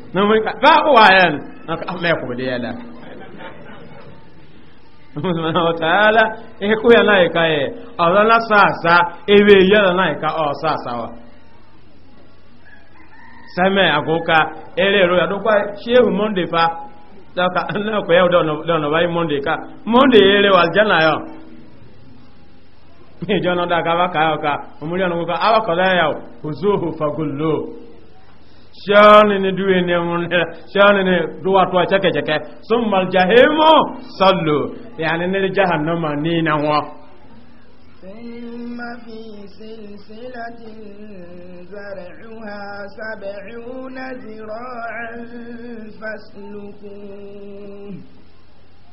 E na mun ka ba ku na ka Allah ya kuma da yala subhanahu wa ta'ala ya na ka e ala la sa sa ya na ka o sa sa wa same agoka ere ro ya do kwa shehu monday fa ta ah, ka na ko ya do no bai monday ka monday ere wal jana yo ni jona da ka ba ka ka ka awa ko ya huzuhu fagullu shani ni duwe ne mun shani ne duwa to cheke cheke summa jahimu sallu yani ne jahannama ni na wa thumma fi silsilatin zar'uha sab'una zira'an fasluku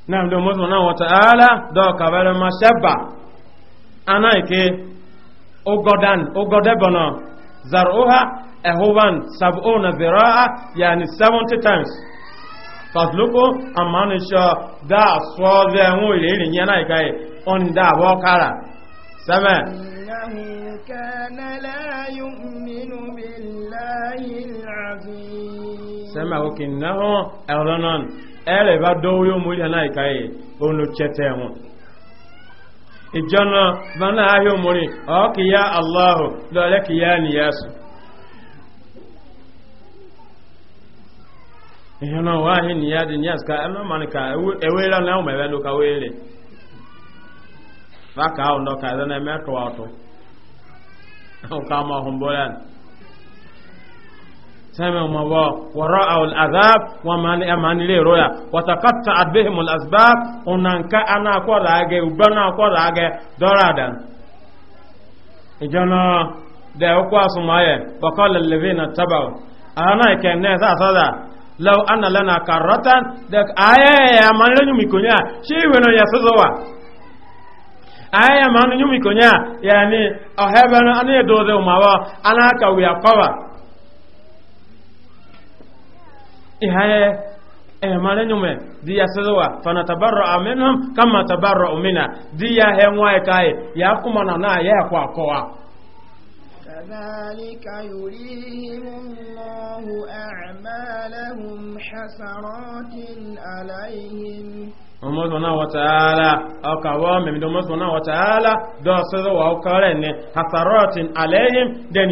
nam do mo sona wa ta'ala do kabara mashabba anaike ogodan ogodebono zar'uha ehuban sab'una zira'a yani 70 times fasloko amanisho da so ze won ire rin yana ikai on da bo kara sama innahu kana la yu'minu billahi al-azim sama wakinahu aranan ele ba do yo mu yana ikai onu chete won ìjọ́nà bọ́nà ahìhùn mọ́rin ọ̀ọ́kìyà aláhù lọ́lẹ́kìyà nìyà sùn ihe na ọwa ahịa ya dị nyas ka ẹnu mmanụ ka ewere e na ụmụ ebe ka were faka ahụ nọ ka na eme tụwa ọtụ ụka ọmụ ọhụrụ mbọrọ ya sẹ́mi ọmọ wọ wọ́rọ́ àwọn azab wọn máa nílé èrò yà wọ́tàkàtà àdéhìmù asbab ọ̀nàǹkà anáàkọ́rọ̀ agẹ ìgbọ́nà àkọ́rọ̀ agẹ dọ́rọ̀ àdán ìjọ náà dẹ̀ ọkọ̀ àsùnmọ́ yẹ kọ́kọ́ lẹ́lẹ́bí na tábà ọ̀hánà ìkẹ́ ní ẹ̀sà sọ́dà law anna lana karatan, dak aya ya manlo nyumi konya shi weno ya sozowa aya ya manlo konya yani ahaba na ane do de umawa ana ka we apawa ihaye eh manlo nyume di ya sozowa fana tabarra minhum kama tabarra umina, di ya henwa kai ya kuma na na ya kwa kowa كذلك يريهم الله أعمالهم حسرات عليهم ọmọ sọ̀nà wọ̀tàálà ọkà wọ́n mẹ̀mí ọmọ ka wọ̀tàálà dọ́ọ̀sọ́sọ́ wà ọkọ̀ rẹ̀ ní hasarọ́ọ̀tì aláìhìm yìí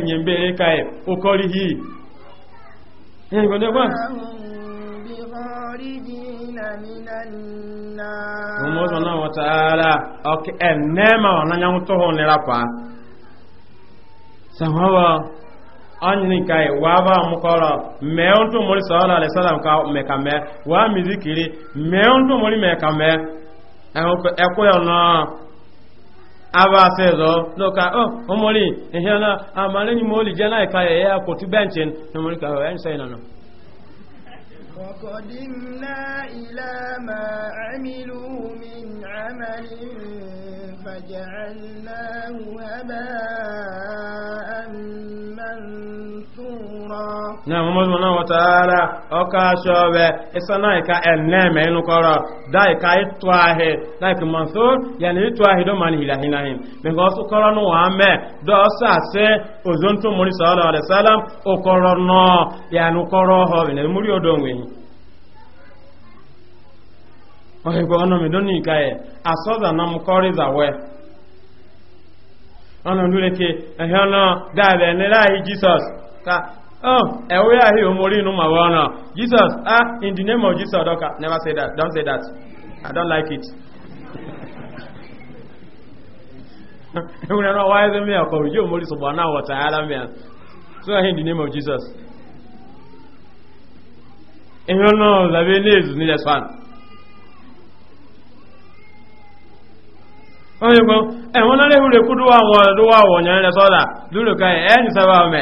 ọmọ ọ̀nà tó hàn sanwawa an yi kai wa ba mu kɔrɔ mɛn tun mori sɔɔla ale sɔɔla ka mɛ ka mɛ wa mi zikiri mɛn tun mori mɛ ka mɛ a se n'o ka a ma ni mori n'a ka وقدمنا إلى ما عملوا من عمل فجعلناه هباء منثورا نعم الله سبحانه وتعالى أوكا شوبة إسانا إكا أنام إنو كورا دا إكا إتواه دا إكا منثور يعني إتواه دو من هلا هنا هنا بغوث كورا نو عمي دو أساسي أزنتو مولي صلى الله عليه وسلم أكورا نو يعني أكورا هو بني يعني مريو دونوين ọ̀rẹ́ pé ọ̀nà mi lónìí ìka ẹ̀ àsọ́dà náà mo kọ́rí ìzàwẹ́ ọ̀nà lúreke ẹ̀hẹ́ ọ̀nà dáadẹ̀ nílá yìí jesus ká oh ẹ̀wẹ́ àhí omori inú màwọ́ ọ̀nà jesus ah in the name of jesus ọ̀dọ́ka never say that don't say that i don't like it ewúrẹ́ náà wáyé sí mi ọkọ̀ òjò omori sọ̀bọ̀ náà wọ̀ tààrà mi in the name of jesus ẹ̀hẹ́ ọ̀nà ọ̀zàbẹ́ ní èzù nílẹ̀ swan onye gbo enwena na ehure kwudu wa duwa wa onye nre soda duru ka eh, e ni saba me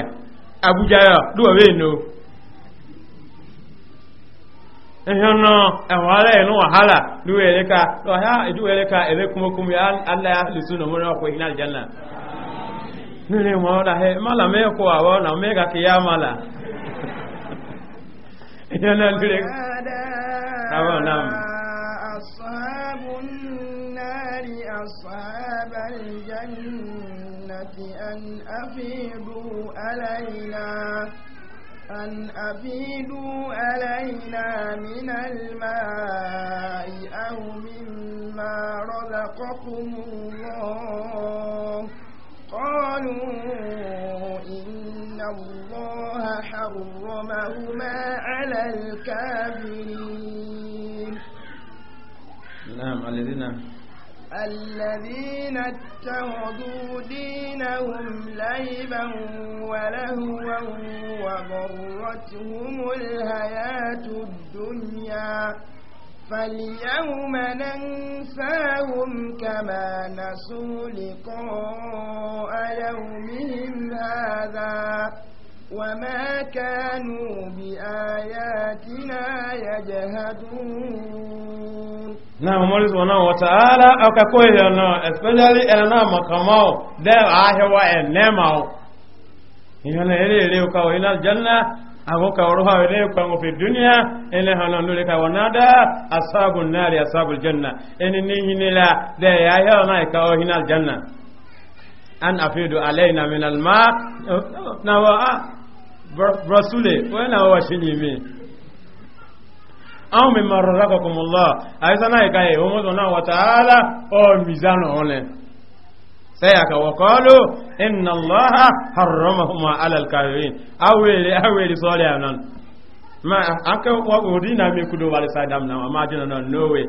abuja yo duwa we ka to ha duwe were ka ebe kumo ya ya lisu no mo ko hinal janna nene mo da he mala me ko na me ga kiyama la ina نار أصحاب الجنة أن أفيدوا علينا أن أفيدوا علينا من الماء أو مما رزقكم الله قالوا إن الله حرمهما على الكافرين نعم الذين الذين اتخذوا دينهم لعبا ولهوا وغرتهم الحياة الدنيا فاليوم ننساهم كما نسوا لقاء يومهم هذا وما كانوا بآياتنا يجهدون نعم مولى سبحانه وتعالى أكاكوه لنا especially لنا مقامو دل آهوا النمو yana ele ele ka wa ila janna ago ka roha ele ka ngo fi dunya ele hana nule ka wanada ashabun nari ashabul janna eni ni hinila de ya ya na ka wa oh, ila janna an afidu alaina min alma na wa a rasule wani wa shi nyimi an min marara kuma Allah a yi sana ikaye o mutu na wata'ala o mizanu ole sai aka wakolo inna Allah haroma kuma alal kafirin awere awere sori anan ma aka wa ori na mi sadam na wa ma na nowe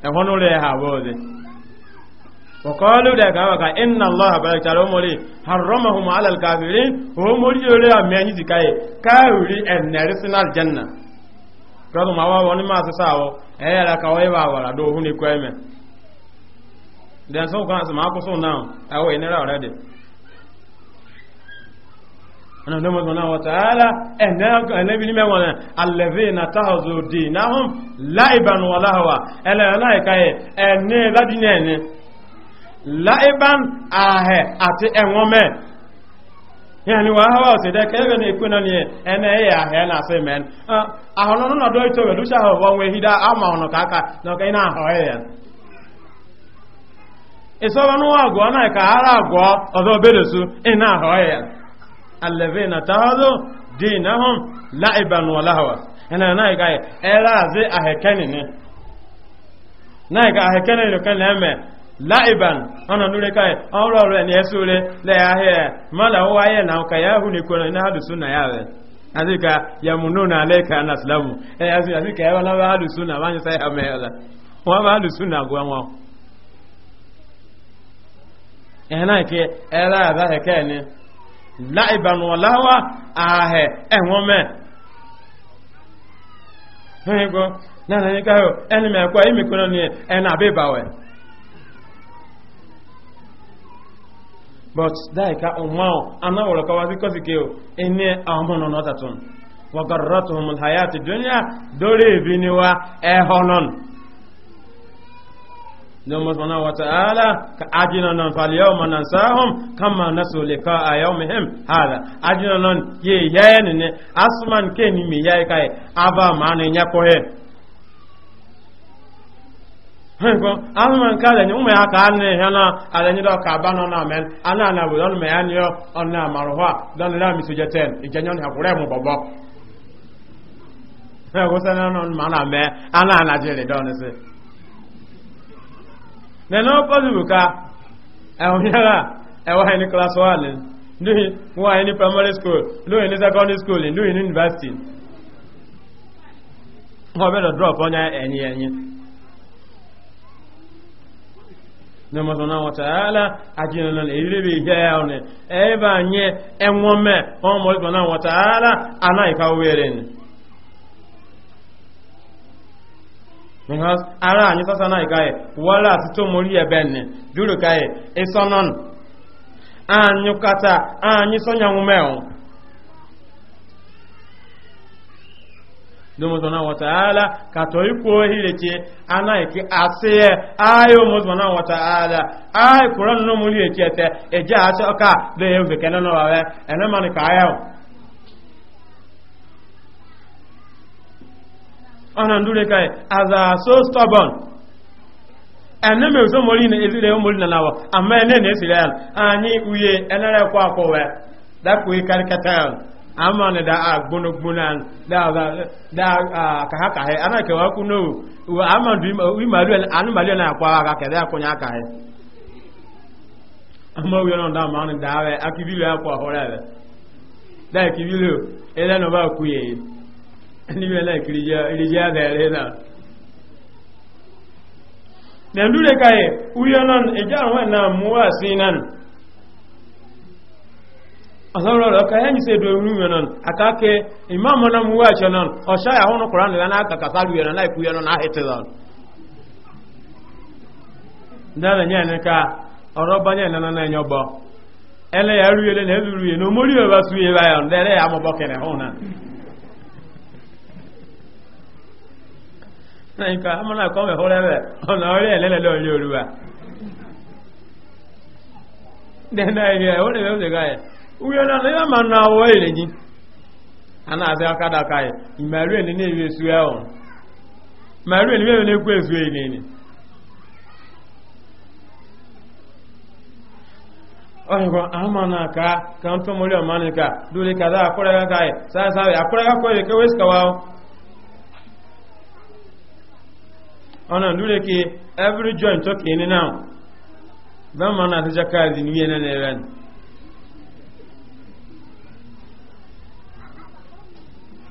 ẹ̀họ́nú ha àwọ̀ وقالوا ده كما ان الله بارك مولي حرمهم على الكافرين ومولي يوري امني زكاي كاوري انرسنا الجنه كذا ما هو وني ما سساو اي لا كوي با ولا دو هني كويمه dan so kan na wa taala ena la'iban ahẹ àti ẹ̀wọ́n mẹ́ yẹni na wà ọ̀sẹ̀ dẹ́ kẹ́lẹ́ ní ìpínlẹ̀ ní ẹnẹ ẹ̀yẹ ahẹ náà sí mẹ́n àwọn ọ̀nà ọ̀dọ́ ìtò rẹ̀ lúṣà ọ̀wọ́ wọn èhídá àmà ọ̀nà kàkà lọ́kẹ́ ara na táhọ́dọ́ dín náà la'iban na laiban ana nure kai an rọrọ ẹni ẹsẹ ore ya ahẹ mọlá ó wáyẹ náà kà yà hùn ìkọrọ iná na náà yà rẹ àti ká yàmùnú náà lẹka náà sílámù ẹyà sí àti ká yàwọn náà àdùsùn náà sai sẹ ẹmẹ laiban e but daika umao anawara kawa ziko zikeo ene amono notatun wa garratuhum alhayati dunya dore biniwa ehonon Nyumba subhanahu wa ta'ala ka ajina nan fal yawma nansahum kama nasu liqa'a yawmihim hada ajina nan ye yayen ne asman ke ni mi yayi kai aba mani nyakohe ahụma nke alenye ụmụ ya ka a na-ehe na alenye dọ ka aba nọ na amen a na ana were ọnụ ya nịọ ọnụ na ụwa hụ dọnụrụ amị sojeten ijenye ọnụ ya kwụrụ emụ bọbọ ẹgbẹsẹ náà nọ ma na e na ana e anajiri dọni na nínú pọsibù ka ẹwọn yàrá ẹwọ ni class one lóyìn wọn ẹni primary school ni secondary school university ọ bụ drop enyi. ne mɔzɔn na wata ala a jina na ere bɛ hɛ yaw ne e b'a nye ɛŋɔ mɛ ɔn mɔzɔn na wata ala a na yi ka wele ara anyi sasa na yi ka ye wala ati to mori yɛ bɛn ne juru ka ye esɔnɔn anyi kata anyi sɔnyɛ ŋumɛ o. domozona wataala na kuohileke anaiki aseye ayo mozona wataala ay kuran no muli ekete eje ase oka de yembe kenano wawe ene mani kayo ana ndure kai aza so stubborn ene me so moli ne na nawo amma ene ne anyi uye kwa kwa we amane da a gbono anụ da da ka ha ka he ana ke wa ku wa aman du wi malu an malu na kwa ka ke da kunya ka he amma wi no da man da we akibilu akwa hore da akibilu no ba ku ye ni we na e kirija irija da e na na ndure e ja wa na muwa sinan ọ̀sánwó rẹ̀ ọkà ẹ̀yìn sí èdè orí yẹn náà àkàkẹ́ ìmọ̀ ọmọ náà mú wá ya náà ọ̀ṣá ìyàwó na kọ̀ọ̀rọ̀ nìyẹn ya kàkà sáré yẹn náà ìkú yẹn náà ya lọ. dáná ọrụ ní ká ọ̀rọ̀ bá yẹn náà náà ya ọba sú yẹn na ya yà mọ̀ hụ na. ebe ọ na ele ya. uyo na na ma na wo ile ana azi aka da kai imeru ni na ewe esu e meru na esu ka ka ń tó mọ́lé ọmọ ya aka ị, àkúrẹ́gá káyẹ̀ sáàsáàrẹ̀ àkúrẹ́gá kọ́ èrè kéwé síkàwá ọ̀nà lórí kí every joint tó kìí ni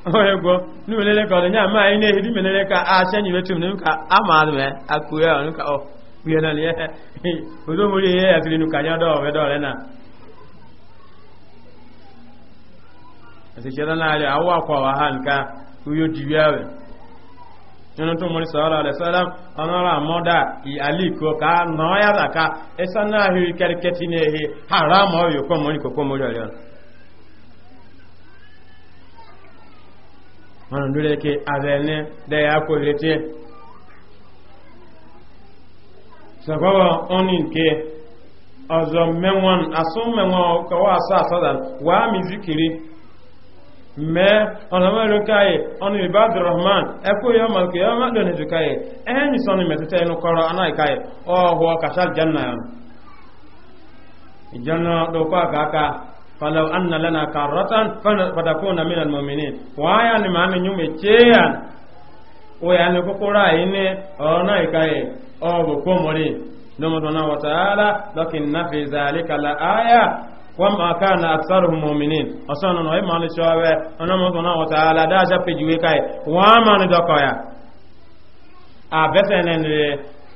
oyego numelele ka nye ma anyị na-ehiri melele ka asị anyị wetu ka a maara m akụ ya ọ ka ọ kpuye na ihe eh, eh, eh, odo mori ihe ya tiri ka anyị ọdọ ọwe dọọrẹ na asikyere na arịa awụ akwa ọwa ha nka uyo diwi awe nínú nọ mọ̀rí sọ̀rọ̀ rẹ̀ sọ́lá ọ̀nàrà mọ́dà ìhàlìkò ká nà ọ́ yàrá ká ẹ̀sán náà hìrì kẹ́rìkẹ́tì wọn lórí ẹkẹ àzẹ̀ẹ́ni dẹ̀yà kò retí sọ̀kọ́wọ́ ọ́nì nke ọ̀zọ̀ mẹ́wọ̀n asọ́mẹ́wọ̀n kọwọ́ asọ́ asọ́dà wà á mi zikiri mẹ́ ọ̀nàmẹ́rin káyẹ̀ ọ̀nà ìbáàdì rahman ẹkú yọ màkì yọ mẹ́dọ̀ ní ìdùkáyẹ̀ ẹ̀yìn sọ́nà mẹ́tẹ́tẹ́ inú kọ́rọ̀ anáìkáyẹ̀ ọ̀họ̀ kàṣà jẹ́ náà ìjọ́nà lókọ́ àkàkà فلو أن لنا كارة فتكون من المؤمنين وآية لما أن يوم تشيئا ويعني كقراء إن أرنا إكاي أو بكمري نمتنا وتعالى لكن في ذلك لآية وما كان أكثرهم مؤمنين أصلا نوعي مالي شوابه نمتنا وتعالى دا شبه جويكاي وما ندقايا أبثنين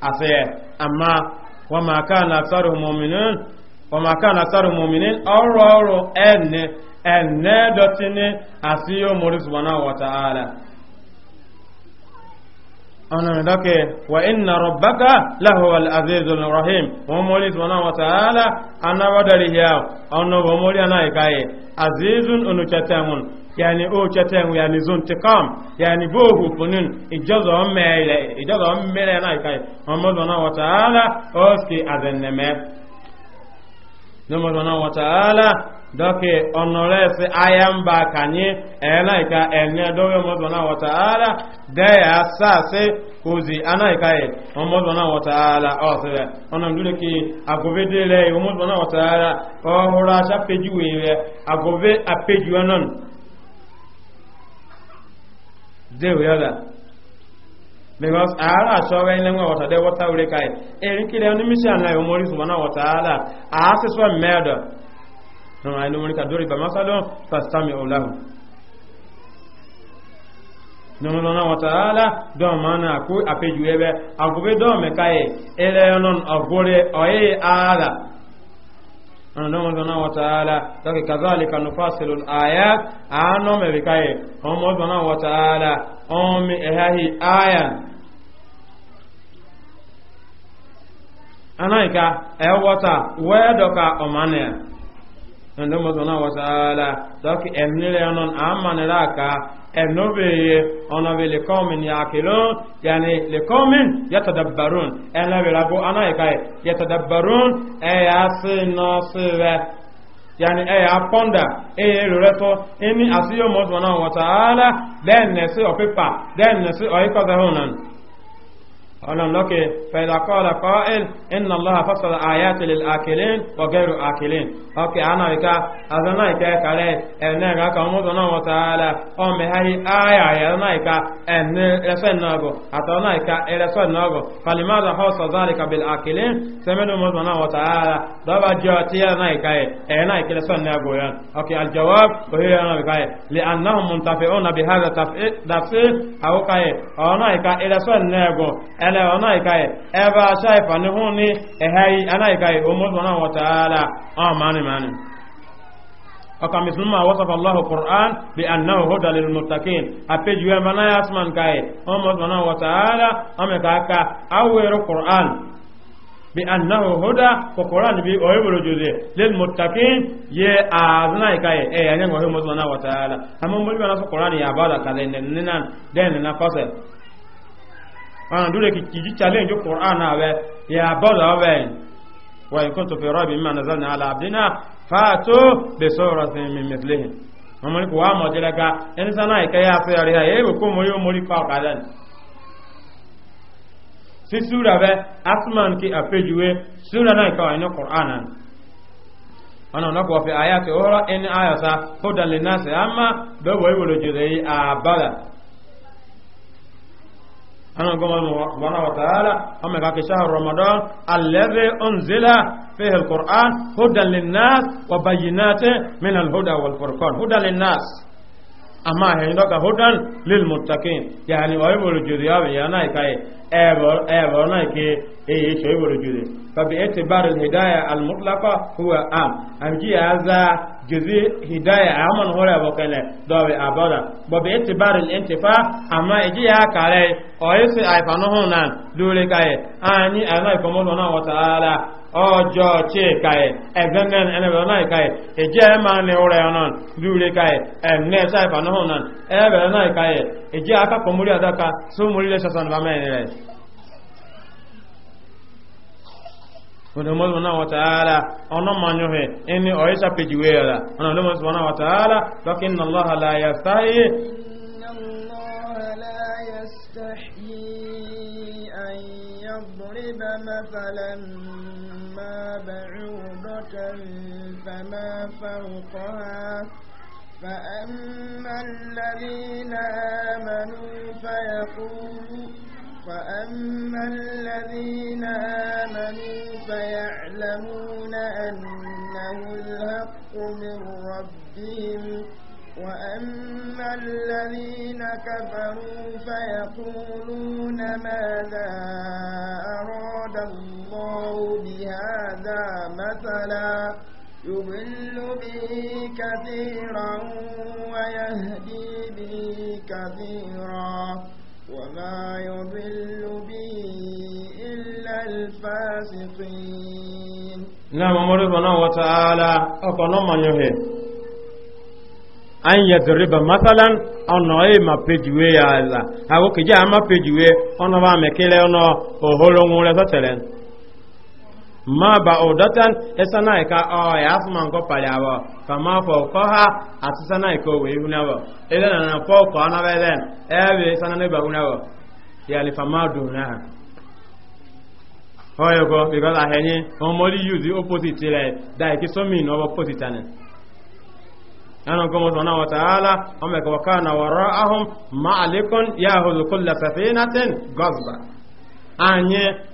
أسيه أما وما كان أكثرهم مؤمنين وما كان أكثر المؤمنين أورو أورو أن أن دوتني أسيو مولي سبحانه وتعالى أنا ندك وإن ربك لهو العزيز الرحيم ومولي سبحانه وتعالى أنا ودري هيا أنا ومولي أنا إكاي عزيز أنو yani o cheten yani zon tekam yani bo ho funun ijaza mele ijaza mele na kai amma zona wa taala oski azanname nomọ̀lọ́nà wọ̀tàálà dọ́kẹ̀ ọ̀nọ̀rẹ́ sí ayamba kànyí ẹ̀ẹ́láìka ẹ̀ní ẹ̀dọ́wẹ́ ọmọdọ̀nà wọ̀tàálà dẹ́yà sáàsí kòzì anáìkáyẹ̀ ọmọdọ̀nà wọ̀tàálà ọ̀sẹ̀rẹ̀ ala ìdúrẹ́ kí agovédé rẹ̀ ọmọdọ̀nà wọ̀tàálà la. because ara aṣọ wẹ́n lẹ́wọ̀n wọ́ta dẹ́ wọ́ta orí káyì erin kí lẹ́wọ́n ní mísí àná ìwọ̀n orí ṣùgbọ́n wọ́ta ààlà àásì sọ no ọ̀rọ̀ àìní orí kàdórí bàmásálọ́ don ọ̀làhùn nọmọdọ́nà wọ́ta ààlà dọ́ọ̀ máa na kó àpéjú ẹbẹ àgùbé dọ́ọ̀mẹ káyì ẹlẹ́ ọgọ́rẹ́ ọ̀yẹ́ ààlà ọ̀nàmọ̀dọ́nà wọ́ta ààlà lọ́kì kazalika nufasilu àyà àánọ́mẹ̀ríkáyì ọmọdọ́nà wọ́ta ààlà ọmọ ẹ̀háhì àyà anaika ewota wedoka omane ndo mo zona wasala doki emnile onon amanela ka enobeye ona vele komen ya kilo yani le komen yatadabbarun ela vela go anaika yatadabbarun e asino sive yani e aponda e eloreto emi asiyo mo zona wasala then nesi opepa then nesi oikoza honan أنا لك فإذا قال قائل إن الله فصل آيات للآكلين وغير الآكلين أوكي أنا بك أنا بك كالي إن لك أمودنا وتعالى أم هاي آية أنا بك إن رسل ناغو أتنا بك رسل ناغو فلماذا حصل ذلك بالآكلين سمعنا أمودنا وتعالى دابا جاتي أنا بك أنا بك رسل ناغو أوكي الجواب وهي أنا بك لأنهم منتفعون بهذا التفسير أو كاي أنا بك رسل ناغو ana ona ikai eba shai fani huni ehai ana ikai umu subhanahu wa ta'ala o mani mani ọkà mùsùlùmá wọ́sọ̀fà lọ́hùn kùrán bí annáwó hódà ka mùtàkín àpéjú ẹ̀mà a yasman káyé wọn mọ̀sánà wọ̀tàálà ọmọkàáka awérò kùrán bí annáwó hódà kùrán bí ọ̀yẹ́bùrò jòdè lè mùtàkín yẹ àzánà ìkáyé ẹ̀yà yẹn wọ̀hẹ́ mọ̀sánà wọ̀tàálà àmọ́ mọ̀lúwẹ̀ náà sọ kùrán na bá ana ah, dure ki kiji challenge Qur'an awe ya bala awe wa in kuntum fi raibin mimma nazalna ala abdina fatu bi suratin min mithlihi mamari ko wa mo jira ga en sana ka ya so yari ha e ko mo mori ka ka dan si sura be asman ki apejuwe sura na ka ina Qur'anan ana na ko fi ayati ora en ayata hudan linasi amma da boy wolo jere a أنا قمنا سبحانه وتعالى أما كاك شهر رمضان الذي أنزل فيه القرآن هدى للناس وبينات من الهدى والفرقان هدى للناس أما هندوك هدى للمتقين يعني ويبو الجدي يا نايك أبر أبر نايك إيه شيء يبو الجدي فبإعتبار الهداية المطلقة هو عام أمجي هذا جزي هداية عمل هولا بوكنا دوبي أبدا بوبي اتبار الانتفاع أما إجي هاكالي أويسي أيفانوهنا دولي كاي أني أنا يكمل الله وتعالى ọjọ́ tí kaẹ̀ ẹ̀gbẹ́mẹ́rin ẹnẹ̀bẹ̀rẹ̀ náà kaẹ̀ ìjẹ́ ẹ̀mà ní orí ọ̀nà lúrí kaẹ̀ ẹ̀mẹ́ sáìfà náà ẹ̀bẹ̀rẹ̀ náà kaẹ̀ ìjẹ́ akápọ̀ mórí àdáka só mórí lẹ́sọ̀sọ̀ nìbàmẹ́rin rẹ̀ ولمن سبحانه وتعالى أنا ما نهى إني أعيش بجويرة أنا ولمن سبحانه وتعالى لكن الله لا يستحي إن الله لا يستحي أن يضرب مثلا ما بعوضة فما فوقها فأما الذين آمنوا فيقولون فأما الذين آمنوا فيعلمون أنه الحق من ربهم وأما الذين كفروا فيقولون ماذا أراد الله بهذا مثلا يضل به كثيرا ويهدي به كثيرا وما يضل به إلا الفاسقين نعم أمر سبحانه وتعالى أقنم من يهد an yadriba masalan ọ̀nà ìmà pejuwe ya ẹ̀la àwọn kìí jẹ́ àmà pejuwe ọ̀nà bá ma ba odatan esana ka o oh, ya afuma nko pali abo fama fo ko ha atisana ko we huna bo ele na na fo ko na belen e be sana ne ba huna bo ya li fama do na ho yo ko because ahenye o mori use opposite le dai e ki so mi no opposite ane ana ko mo sona wa taala o me ko kana wara'ahum ma'alikun ya'khudhu kull safinatin ghazba anye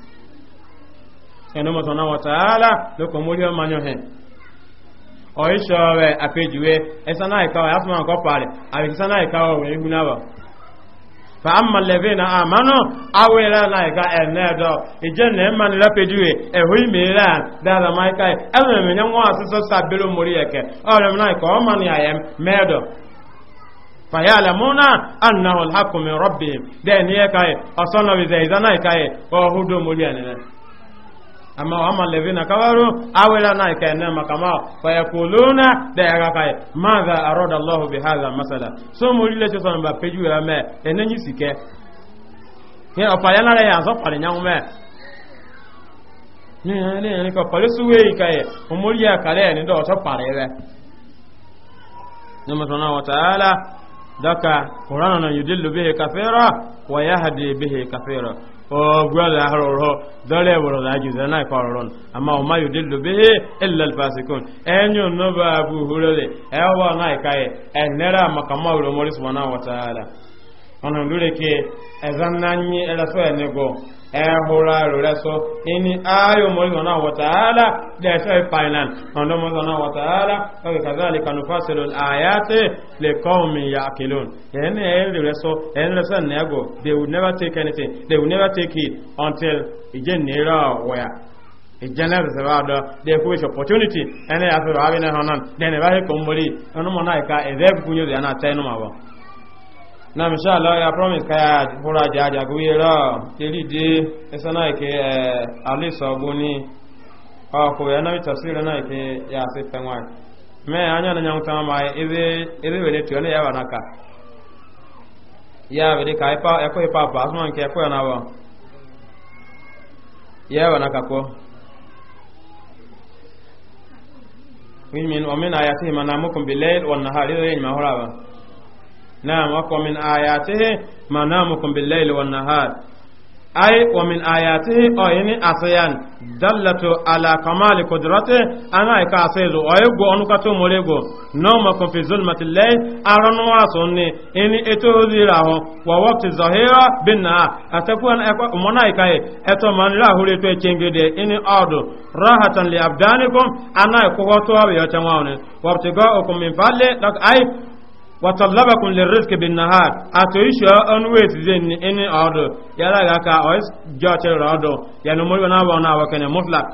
ẹnumọ sọ̀nà wọ̀tàálà lókò mórí ọmọ yóò hẹn ọ̀íṣọ́ rẹ̀ àpéjúwé ẹsánà ìkáwà yásùmọ̀ nǹkan pààrẹ̀ àbìkísánà ìkáwà òwúrẹ́ igun náà fa amma levina amanu awela na ga enedo ije na emani lapejuwe ehu imela da da maika elu me nyanwa asiso sabiru muri eke ore na ka o ayem medo fayalamuna annahu alhaqqu min rabbihim de ni eka bi eka o hudo muri anene amma wa amma levina kawaru awela na ka na makama fa yakuluna da ya kai madha arada allah bi hadha masala so mo lile so san ba peju ya me enenyi sike ye opa ya na ya so pare nyawo me ni ni ni ko pare suwe kai o mo ya kale ni do so pare re nama sana wa ta'ala daka qur'ana yudillu bihi kafira wa yahdi bihi kafira ogwala haroro dole woro da ju zana kororon amma o mayu dillu be illa al fasikun enyo no ba abu hurale e wa na kai enera makamawu mo subhanahu wa ọ̀nà lórí ke ẹ̀zán náà ní ẹlẹ́sọ́ ẹ̀nìgọ̀ ẹ̀hùrà rẹ̀sọ́ ní ayò mọ́lìmọ̀ náà wọ̀tàálà lẹ́ẹ̀ṣọ́ ìpàìlàn ọ̀dọ́mọ́sọ̀ náà wọ̀tàálà kàzá lè kanùfà sẹ̀lọ̀ àyàtẹ̀ lè kọ́ọ̀mì ya kìlọ̀n ẹ̀ẹ́nì ẹ̀rẹ̀sọ́ ẹ̀rẹ̀sọ́ ẹ̀nìgọ̀ they will never take anything they will never take it until ìjẹ́ nìírà wọ̀yà ìjẹ́nẹ́ ìsẹ̀wà àdọ́ dẹ̀ kó ìṣẹ̀ opportunity ẹni àfẹ́rọ̀ àwẹ́nẹ́ hàn náà dẹ̀ nìbáṣẹ́ kò ń borí ẹnu mọ̀ náà ìka ẹ̀rẹ́ yóò dẹ̀ náà tẹ́ ẹnu màwọ̀ na insha Allah ya promise kaya hura ja ja go yero teri de esana ike alisa oguni ah ya na tafsir na ike ya se penwa me anya na nyang ma mai ibe ibe wele tione ya wanaka ya wele kai pa eko pa pa asma nke eko na wa ya wanaka ko min min wa min ayatihi manamukum bil-layl نعم ومن آياته منامكم بالليل والنهار أي ومن آياته أين أسيان دلت على كمال قدرته أنا إكاسيزو أيغو أنكتو موليغو نومكم في ظلمة الليل أرنوا سني إني إتوذي له ووقت الظهيرة بالنهار أتكون منايكاي أتو من لا هولي توي تشينجيدي إني أردو راحة لأبدانكم أنا إكوغوتو أبيو تماوني وابتغاؤكم من فالي لك أي watalabakun lirizki bin nahar ato isho onu weti zen ini odo yala ga ka ois jote rodo yanu mo na wa na wa kene mutlaq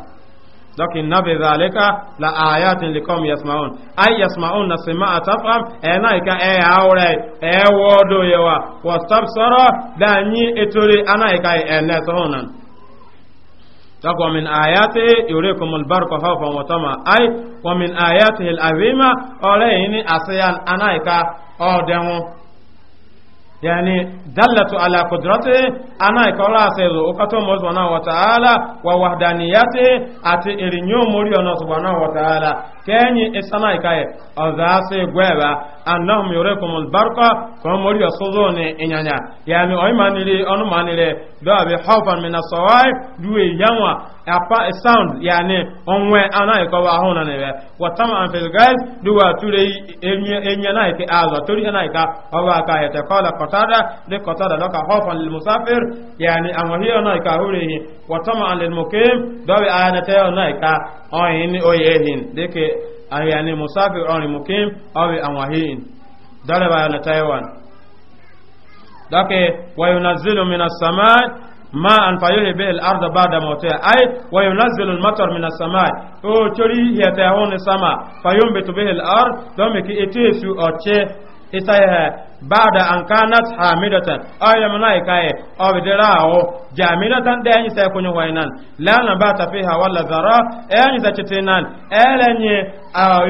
lakin na bi zalika la ayatin liqawm yasmaun ay yasmaun nasma'a tafham ena ika e awre e wodo yewa wastabsara dani etore ana ika ene sonan Tako wa min ayati yurikum albarqa fa wa tama ay wa min ayatihi alazima ole ini asayan anaika odenu yani dallatu ala kudrati ana ikora e sezo ukato mo subhanahu wa ta'ala wa wahdaniyati ati irinyo mori ona subhanahu wa ta'ala kenyi isana e ikaye e ozase gweba annahum yurikumul barqa fa mori osozone inyanya yani oimanili onumanile do abi hawfan min asawai duwe yanwa apa sound yani onwe ana ikowa ahụ na nebe watama and filgais duwa ture enye na ike azọ tori na ika ọba aka hete kọla kọtada dị kọtada lọka hofan lil musafir yani amahi na ika hure ihe watama and lil mukim dọbi aya na teyo na ika ọyị ni oyi ehin dịka ahịa musafir ọrị mukim ọbi amahi dọrịba ya na taiwan dọke wayunazzilu minas samai ma an fayuhi bihi al-ard ba'da mawtiha ay wa yunazzilu al-matar min as-samai o chori hiyata hon sama fayumbitu bihi al-ard domiki etesu oche isaha ba'da an kanat hamidatan ayya malaika ay eh, awdirao jamilatan da yanyi sai kunyo wainan la na ba ta fiha wala zara yanyi e za chitinan elenye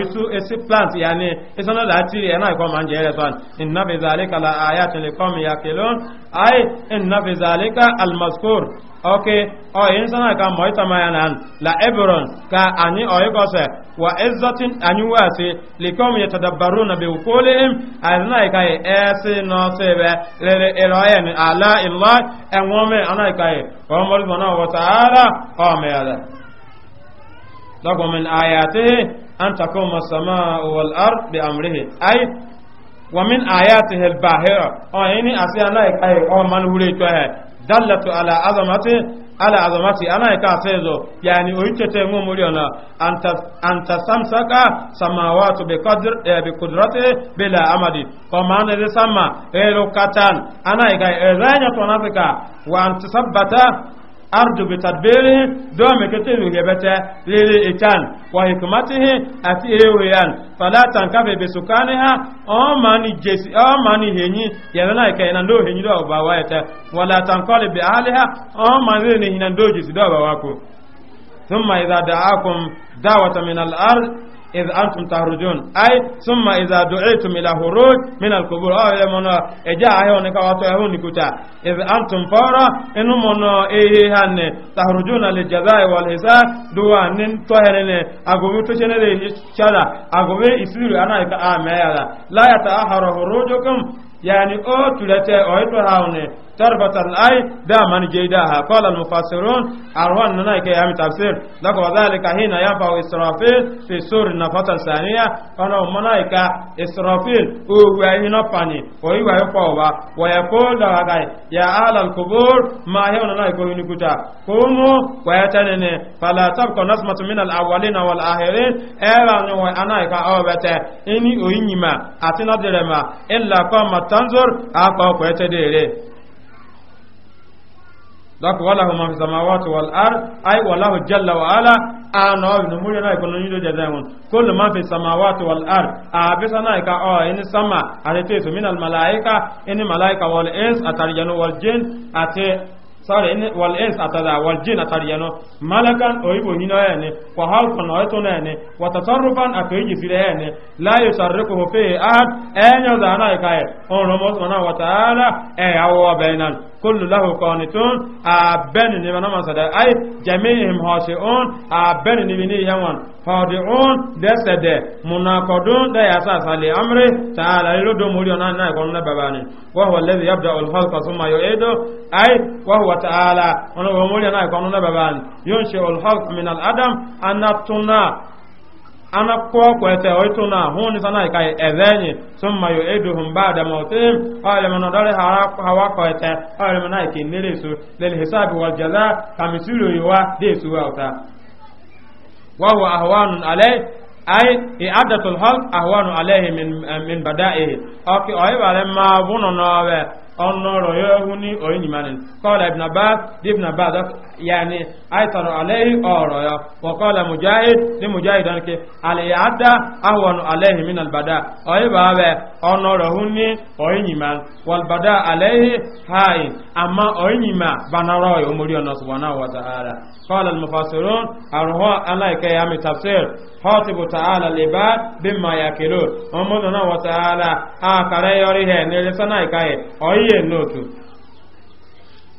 isu esi plant yani isana la tiri yana ko manje ele son inna bi zalika la ayatin liqawmin yaqilun ay inna bi zalika al mazkur okay o insana ka moita mayanan la ebron ka ani oyiko se wa izzatin anyuwa se likom yatadabbaruna bi uqulihim alna kai ese no sebe lele eloyen ala illa enwome ana kai wa mabana wa ta'ala qamela lakum min ayatihi an takuma as-samaa'u wal ard bi amrihi ay wa min ayatihi al-bahira o ini asiana kai o man hure to he dallatu ala azamati ala azamati ana ka sezo yani oitete ngo muliona anta anta samsaka samawatu bi qadr e bi qudrati bila amadi kwa maana ile sama elo katan ana ka ezanya to nafika wa antasabbata ardu bi tadbirihi do me kete mi gebete lili itan wa hikmatihi ati eweyan fala tankabe bi sukaniha o mani jesi o mani henyi yelana ke na do henyi do ba wa eta wala tankali bi aliha o mani ni hinan do jesi do ba wa ko thumma idha da'akum da'watan min al إذ أنتم تخرجون أي ثم إذا دعيتم إلى خروج من القبور أو إلى منا إجا أهون كواتو أهون كتا إذ أنتم فورا إنه منا إيه هن تخرجون للجزاء والحساب دوا نين توهرن أقومي تشين له شلا أقومي يسير أنا إذا آمي لا يتأخر خروجكم يعني أو تلتة أو تهاونه tarbatan ay da man jaydaha qala al mufassirun arwan nana ke yami tafsir lako wadhalika hina ya yafa israfil fi sur nafata saniya ana malaika israfil o wa hina pani o yi wa yofa wa wa yaqul da gai ya ala al qubur ma hina nana ko yuni kuta kumu wa yatanene fala tabqa nasmatu min al awwalin wal akhirin era ni wa ana ka awbata ini oyinyima atina derema illa qama tanzur aqa ko yatedere donc walahu ma fi samawati wal ard ay walahu jalla wa ala ano no muri na ikono nyido jaza won kullu ma fi samawati wal ard abisa na ka o ini sama ate to min al malaika ini malaika wal ins atarjanu wal jin ate sare ini wal ins atada wal jin atarjanu malakan o ibo hino ya ne wa halqan o to na ne wa tasarrufan ateji fire ya ne la yusarrifu fi ahad enyo da na ka e on romo wa ta'ala e awo bainan kullu lahu qanitun abani ni manama sada ay jami'ihim hashi'un abani ni bini yawan hadi'un desede munaqadun da ya sa sale amri ta'ala lilu do muri ona na ko na babani wa huwa alladhi yabda'u al-khalqa thumma yu'idu ay wa huwa ta'ala ona wa muri na ko na babani yunshi'u al-khalq min al-adam anatuna ana kwa kwete oitu na huni sana ikai ezenyi summa yu eduhum bada mautim awele mano dole hawa kwete na mana iki nilisu lili hisabi wal jaza kamisilu yuwa disu wauta wahu ahwanun alay ay i'adatul halq ahwanu alayhi min min bada'ihi aki oyibale ma ọ̀nọ̀rọ̀ yóò hún ní oyin ìmánì kọ́ọ̀lá ibn abbas di ibn abbas yaani àìsàn àlẹ́yìn ọ̀rọ̀ yọ wọ́kọ́ọ̀lá mujahid ní mujahid ọ̀nke àlẹ́yàdá àwọn àlẹ́yìn min albada ọ̀yìn bá bẹ ọ̀nọ̀rọ̀ hún ní oyin ìmánì wàlbada àlẹ́yìn haì àmọ́ oyin ìmá banarọ̀ yóò mórí ọ̀nà subhanahu wa ta'ala kọ́ọ̀lá mufasirun àrùhọ́ aláìkẹ́ yàmi tafsir họ́tìbù ta'ala lè bá bí mà yàkìlò ọmọdún náà wọ́n ta'ala àkàrẹ́ yọrí hẹ̀ nílẹ̀ sọ́nà ìkáyẹ̀ ọ̀yìn ye notu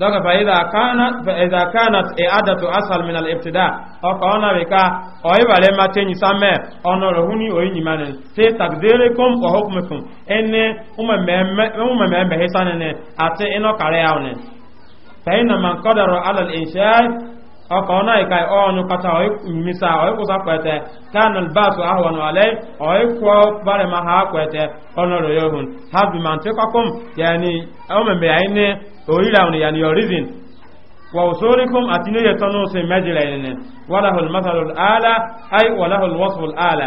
daga fa idha kana fa idha kanat i'adatu asal min al-ibtida o ka ona be ka o e bare ma tenyi samme ono ro huni o yin mane se takdirukum wa hukmukum enne umma memme umma memme hisanene ate ino kare yaune fa inna man qadara ala al-insha ọkọ náà ìka ọnụ kata ọ̀ìmísà ọ̀ìkúsà pẹ̀tẹ̀ kánà báàtù àwọn alẹ́ ọ̀ìkọ́ bárẹ̀ máa ha pẹ̀tẹ̀ ọ̀nà rẹ̀ yóò hùn hábì máa tí kọ́kùn yẹni ọmọmọ yẹn ní orílẹ̀ àwọn yẹni ya wọ̀sọ́ríkùn àti ní ìyẹ̀tọ́ náà sí mẹ́jìlẹ̀ enene. wọ́láhùl masalul ala ai wọ́láhùl wasful ala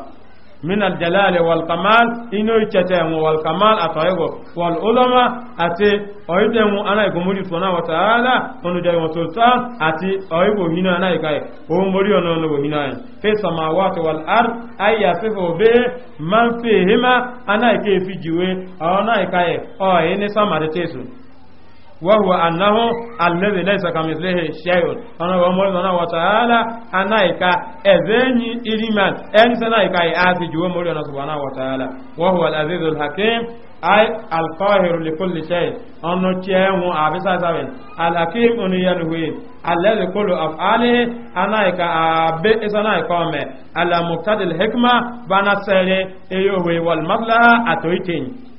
ọ من الجلال والكمال إنه يتشتم والكمال أطيغو والعلماء أتي أيدهم أنا يكمل سبحانه وتعالى ونجاي وسلطان أتي أيغو هنا أنا يكاي ومريو نونو هنا في السماوات والأرض أي يصف به من فيهما أنا يكي في جوي أنا يكاي أو إني سامرتيسو وهو أنه الذي ليس كمثله شيء أنا بقول أنا وتعالى أنايكا إكا أذني إليمان أنت أنا إكا أبي جوا مولانا سبحانه وتعالى وهو العزيز الحكيم أي القاهر لكل شيء أنه تيمو أبي سابين الحكيم أن ينهي الذي كل أفعاله أنا إكا أبي إسانا إكامي على مقتضى الحكمة بنا سيري إيوه والمبلغ أتويتين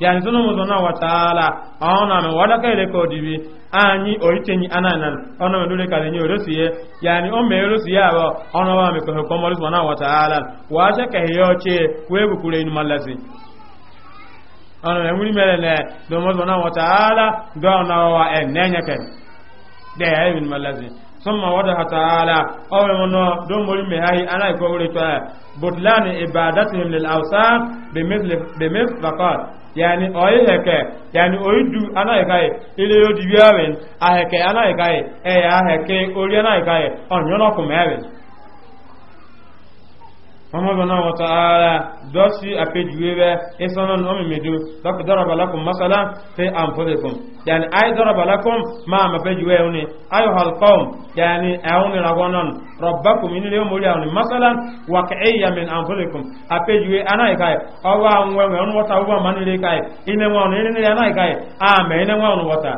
yani sunu mu zona wa taala ona me wala ka ile ko dibi anyi oitenyi ananan ona me dole kale nyi orosiye yani o me orosiye abo ona wa me ko ko mo zona wa taala wa sha ka yoche we ku kure inu malasi ona me muri mele ne do zona wa taala do ona wa enenya ken de ayi min malasi summa wadaha taala aw mono do mori me hayi ana ko wuri to butlan ibadatihim lil awsan bimithli bimithli faqat yani oyi heke yani oyi du anaghị kaghị ile odibi awin aheke anaghị kaghị eya aheke ori anaghị kaghị ọnyụnọkụ ma ewin ọmọbìnrin náà wọ́ta ara dọ́sí àpéjúwé rẹ̀ ìsọ́nà nọ́mì mẹ́jọ lọ́pù dọ́rọ̀bàlákùn masala fi àǹfọ́lẹ̀kùn yàní ayé dọ́rọ̀bàlákùn máa mọ̀fẹ́júwé ẹ̀húnni ayò halkọ́m yàní ẹ̀húnni ragọ́nọ́n rọ̀bákùn inú lé mórí àwọn masala wà kẹ́ẹ̀yà min àǹfọ́lẹ̀kùn àpéjúwé anáìkáì ọwọ́ àwọn ẹ̀hún wọ́ta wọ́n mánilé káì ilé wọn ilé anáìkáì àmẹ́ ilé wọn wọ́ta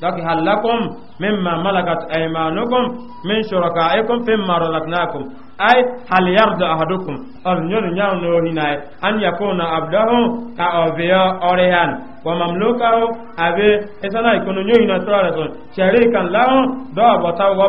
donc hal lakum mimma malakat aymanukum min shurakaikum fimma razaqnakum ay hal yarda ahadukum al nyol nyaw no hinay an yakuna abdahu ka obiya orihan wa mamlukahu abe esana ikono nyoyina tore son sharikan do bota wa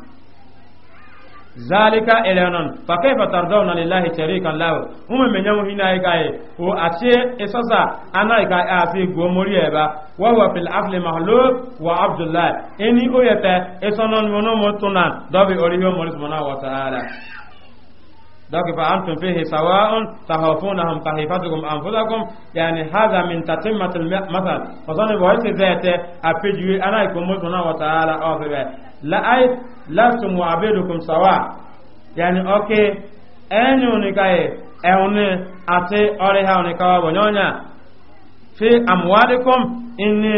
zalika elenon fa kaifa tardawna lillahi sharikan law umma men yamu hina ikaye o ace esasa ana ika afi go eba wa huwa fil afli mahlub wa abdullah eni oyete esonon mono motuna dabi oriyo moris mona wa taala donc fa antum fihi sawa'un tahafunahum kahifatukum anfusakum yani hadha min tatimmat al-mathal fa zani wa yati zata apiju ana ikomo tuna wa ta'ala aw fa la ay lastum wa sawa yani okay enyu ni kai ehune ate ore ha ni kawa bonyonya fi amwalikum inni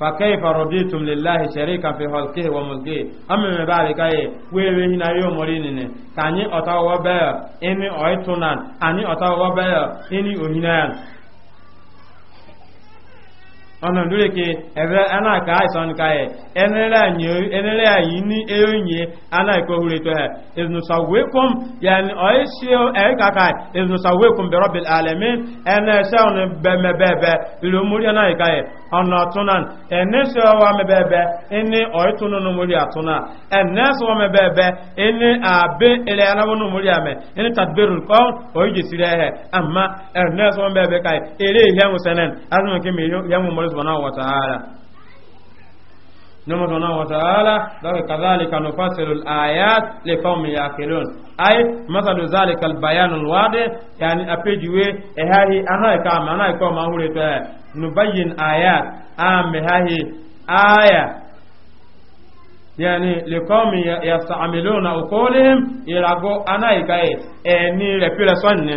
فكيف رضيتم لله شريكا في خلقه وملكه اما من بعد كاي ويوي هنا يوم مرينين تاني اتاو وبا اني اويتونان اني اتاو وبا اني اوهنان ọ̀nà lórí ke ẹ̀fẹ́ anáàkà àìsàn káyẹ̀ ẹnẹ́rẹ́ àyí ní eóyìnyẹ anáàkà ohure tó ẹ̀ ìzùnùsàwékùn yẹn ọ̀yí sí ẹ̀ríkàkà ìzùnùsàwékùn bẹ̀rọ̀ bẹ̀rẹ̀ alẹ́mí ẹnẹ́ ẹ̀ṣẹ́ ọ̀nà bẹ̀mẹ̀bẹ̀bẹ̀ ìlú múrí anáàkà yẹ ọ̀nà ọ̀túnan ẹ̀ní sí ọwọ́ mẹ̀bẹ̀bẹ̀ ẹni ọ̀yí túnú múrí àtúnà ẹ̀nẹ́ sí ọwọ́ mẹ̀bẹ̀bẹ̀ ẹni àbẹ́ ilẹ̀ anáwọ́nú múrí àmẹ́ ẹni tàbírù kọ́ ọ̀yí jì sí rẹ̀ subhanahu wa ta'ala nomo subhanahu wa ta'ala dawe kadhalika nufassilu al-ayat liqaumin yaqilun ay mathalu dhalika al-bayan al-wadi yani apejiwe ehahi ana ka mana ko ma hure to nubayyin ayat am hahi aya yani liqaumin yasta'miluna uqulihim irago ana ka e ni sonne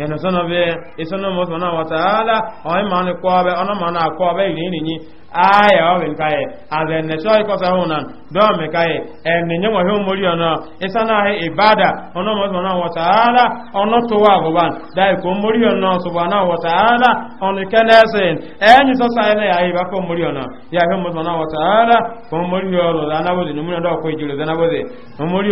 yẹnu sọ́nà bẹ́ẹ̀ ìsọ́nà mọ́sán náà wọ́n sàálà ọ̀hìn máa ní kọ́ ọbẹ̀ ọ̀nà máa náà kọ́ ọbẹ̀ ìrìn ìrìn yìí ayẹ̀ ọ̀bẹ̀ nkáyẹ̀ àzẹ̀ ẹ̀nẹ̀ṣọ́ ìkọ́sà hùn náà dọ́ọ̀mì káyẹ̀ ẹ̀nìyàn wọ̀hìn omori ọ̀nà ìsọ́nà ìbádà ọ̀nà mọ́sán náà wọ́n sàálà ọ̀nà tó wà àgùbà dáìkò omori ọ̀nà ṣùgbọ́n náà wọ́n sàálà ọ̀nà kẹ́lẹ́sìn ẹ̀yìn sọ́sà ẹ̀lẹ́ àyíbá kó omori ọ̀nà yàhí mọ́sán náà wọ́n sàálà omori ọ̀rọ̀ lánàbọ̀dẹ̀ ní múlẹ̀ dọ́ọ̀kọ́ ìjìlẹ̀ lánàbọ̀dẹ̀ omori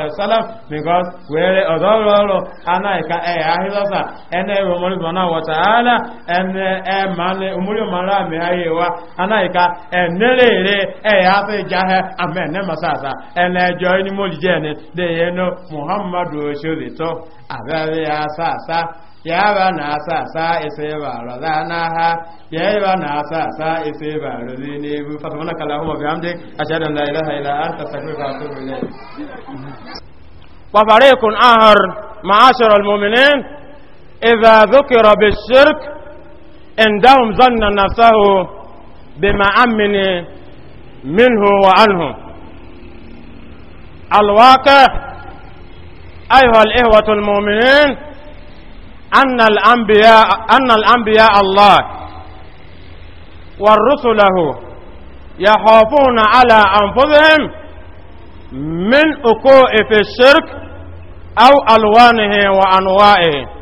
alaihi wasallam because were odoro oro ana ka e ahira sa ene we mo mo na wa taala ene e mane umuri mara mi ayewa ana ka enelere eh, e eh, ya fe jahe eh, amen ne masasa ene jo ni mo lije ne de ye no muhammadu shurito abere asasa yaba na Sa, asa ise ba raza na ha yaba na Sa, asa ise ba razi ne bu fa subhanaka allahumma bihamdik ashhadu an la ilaha illa anta astaghfiruka wa atubu ilayk wa fariqun ahar ma'ashara almu'minin idha dhukira bishirk indahum zanna nafsahu bima amini minhu wa anhu alwaqi أيها الإخوة المؤمنين أن الأنبياء أن الأنبياء الله ورسله يخافون على أنفسهم من أقوء في الشرك أو ألوانه وأنواعه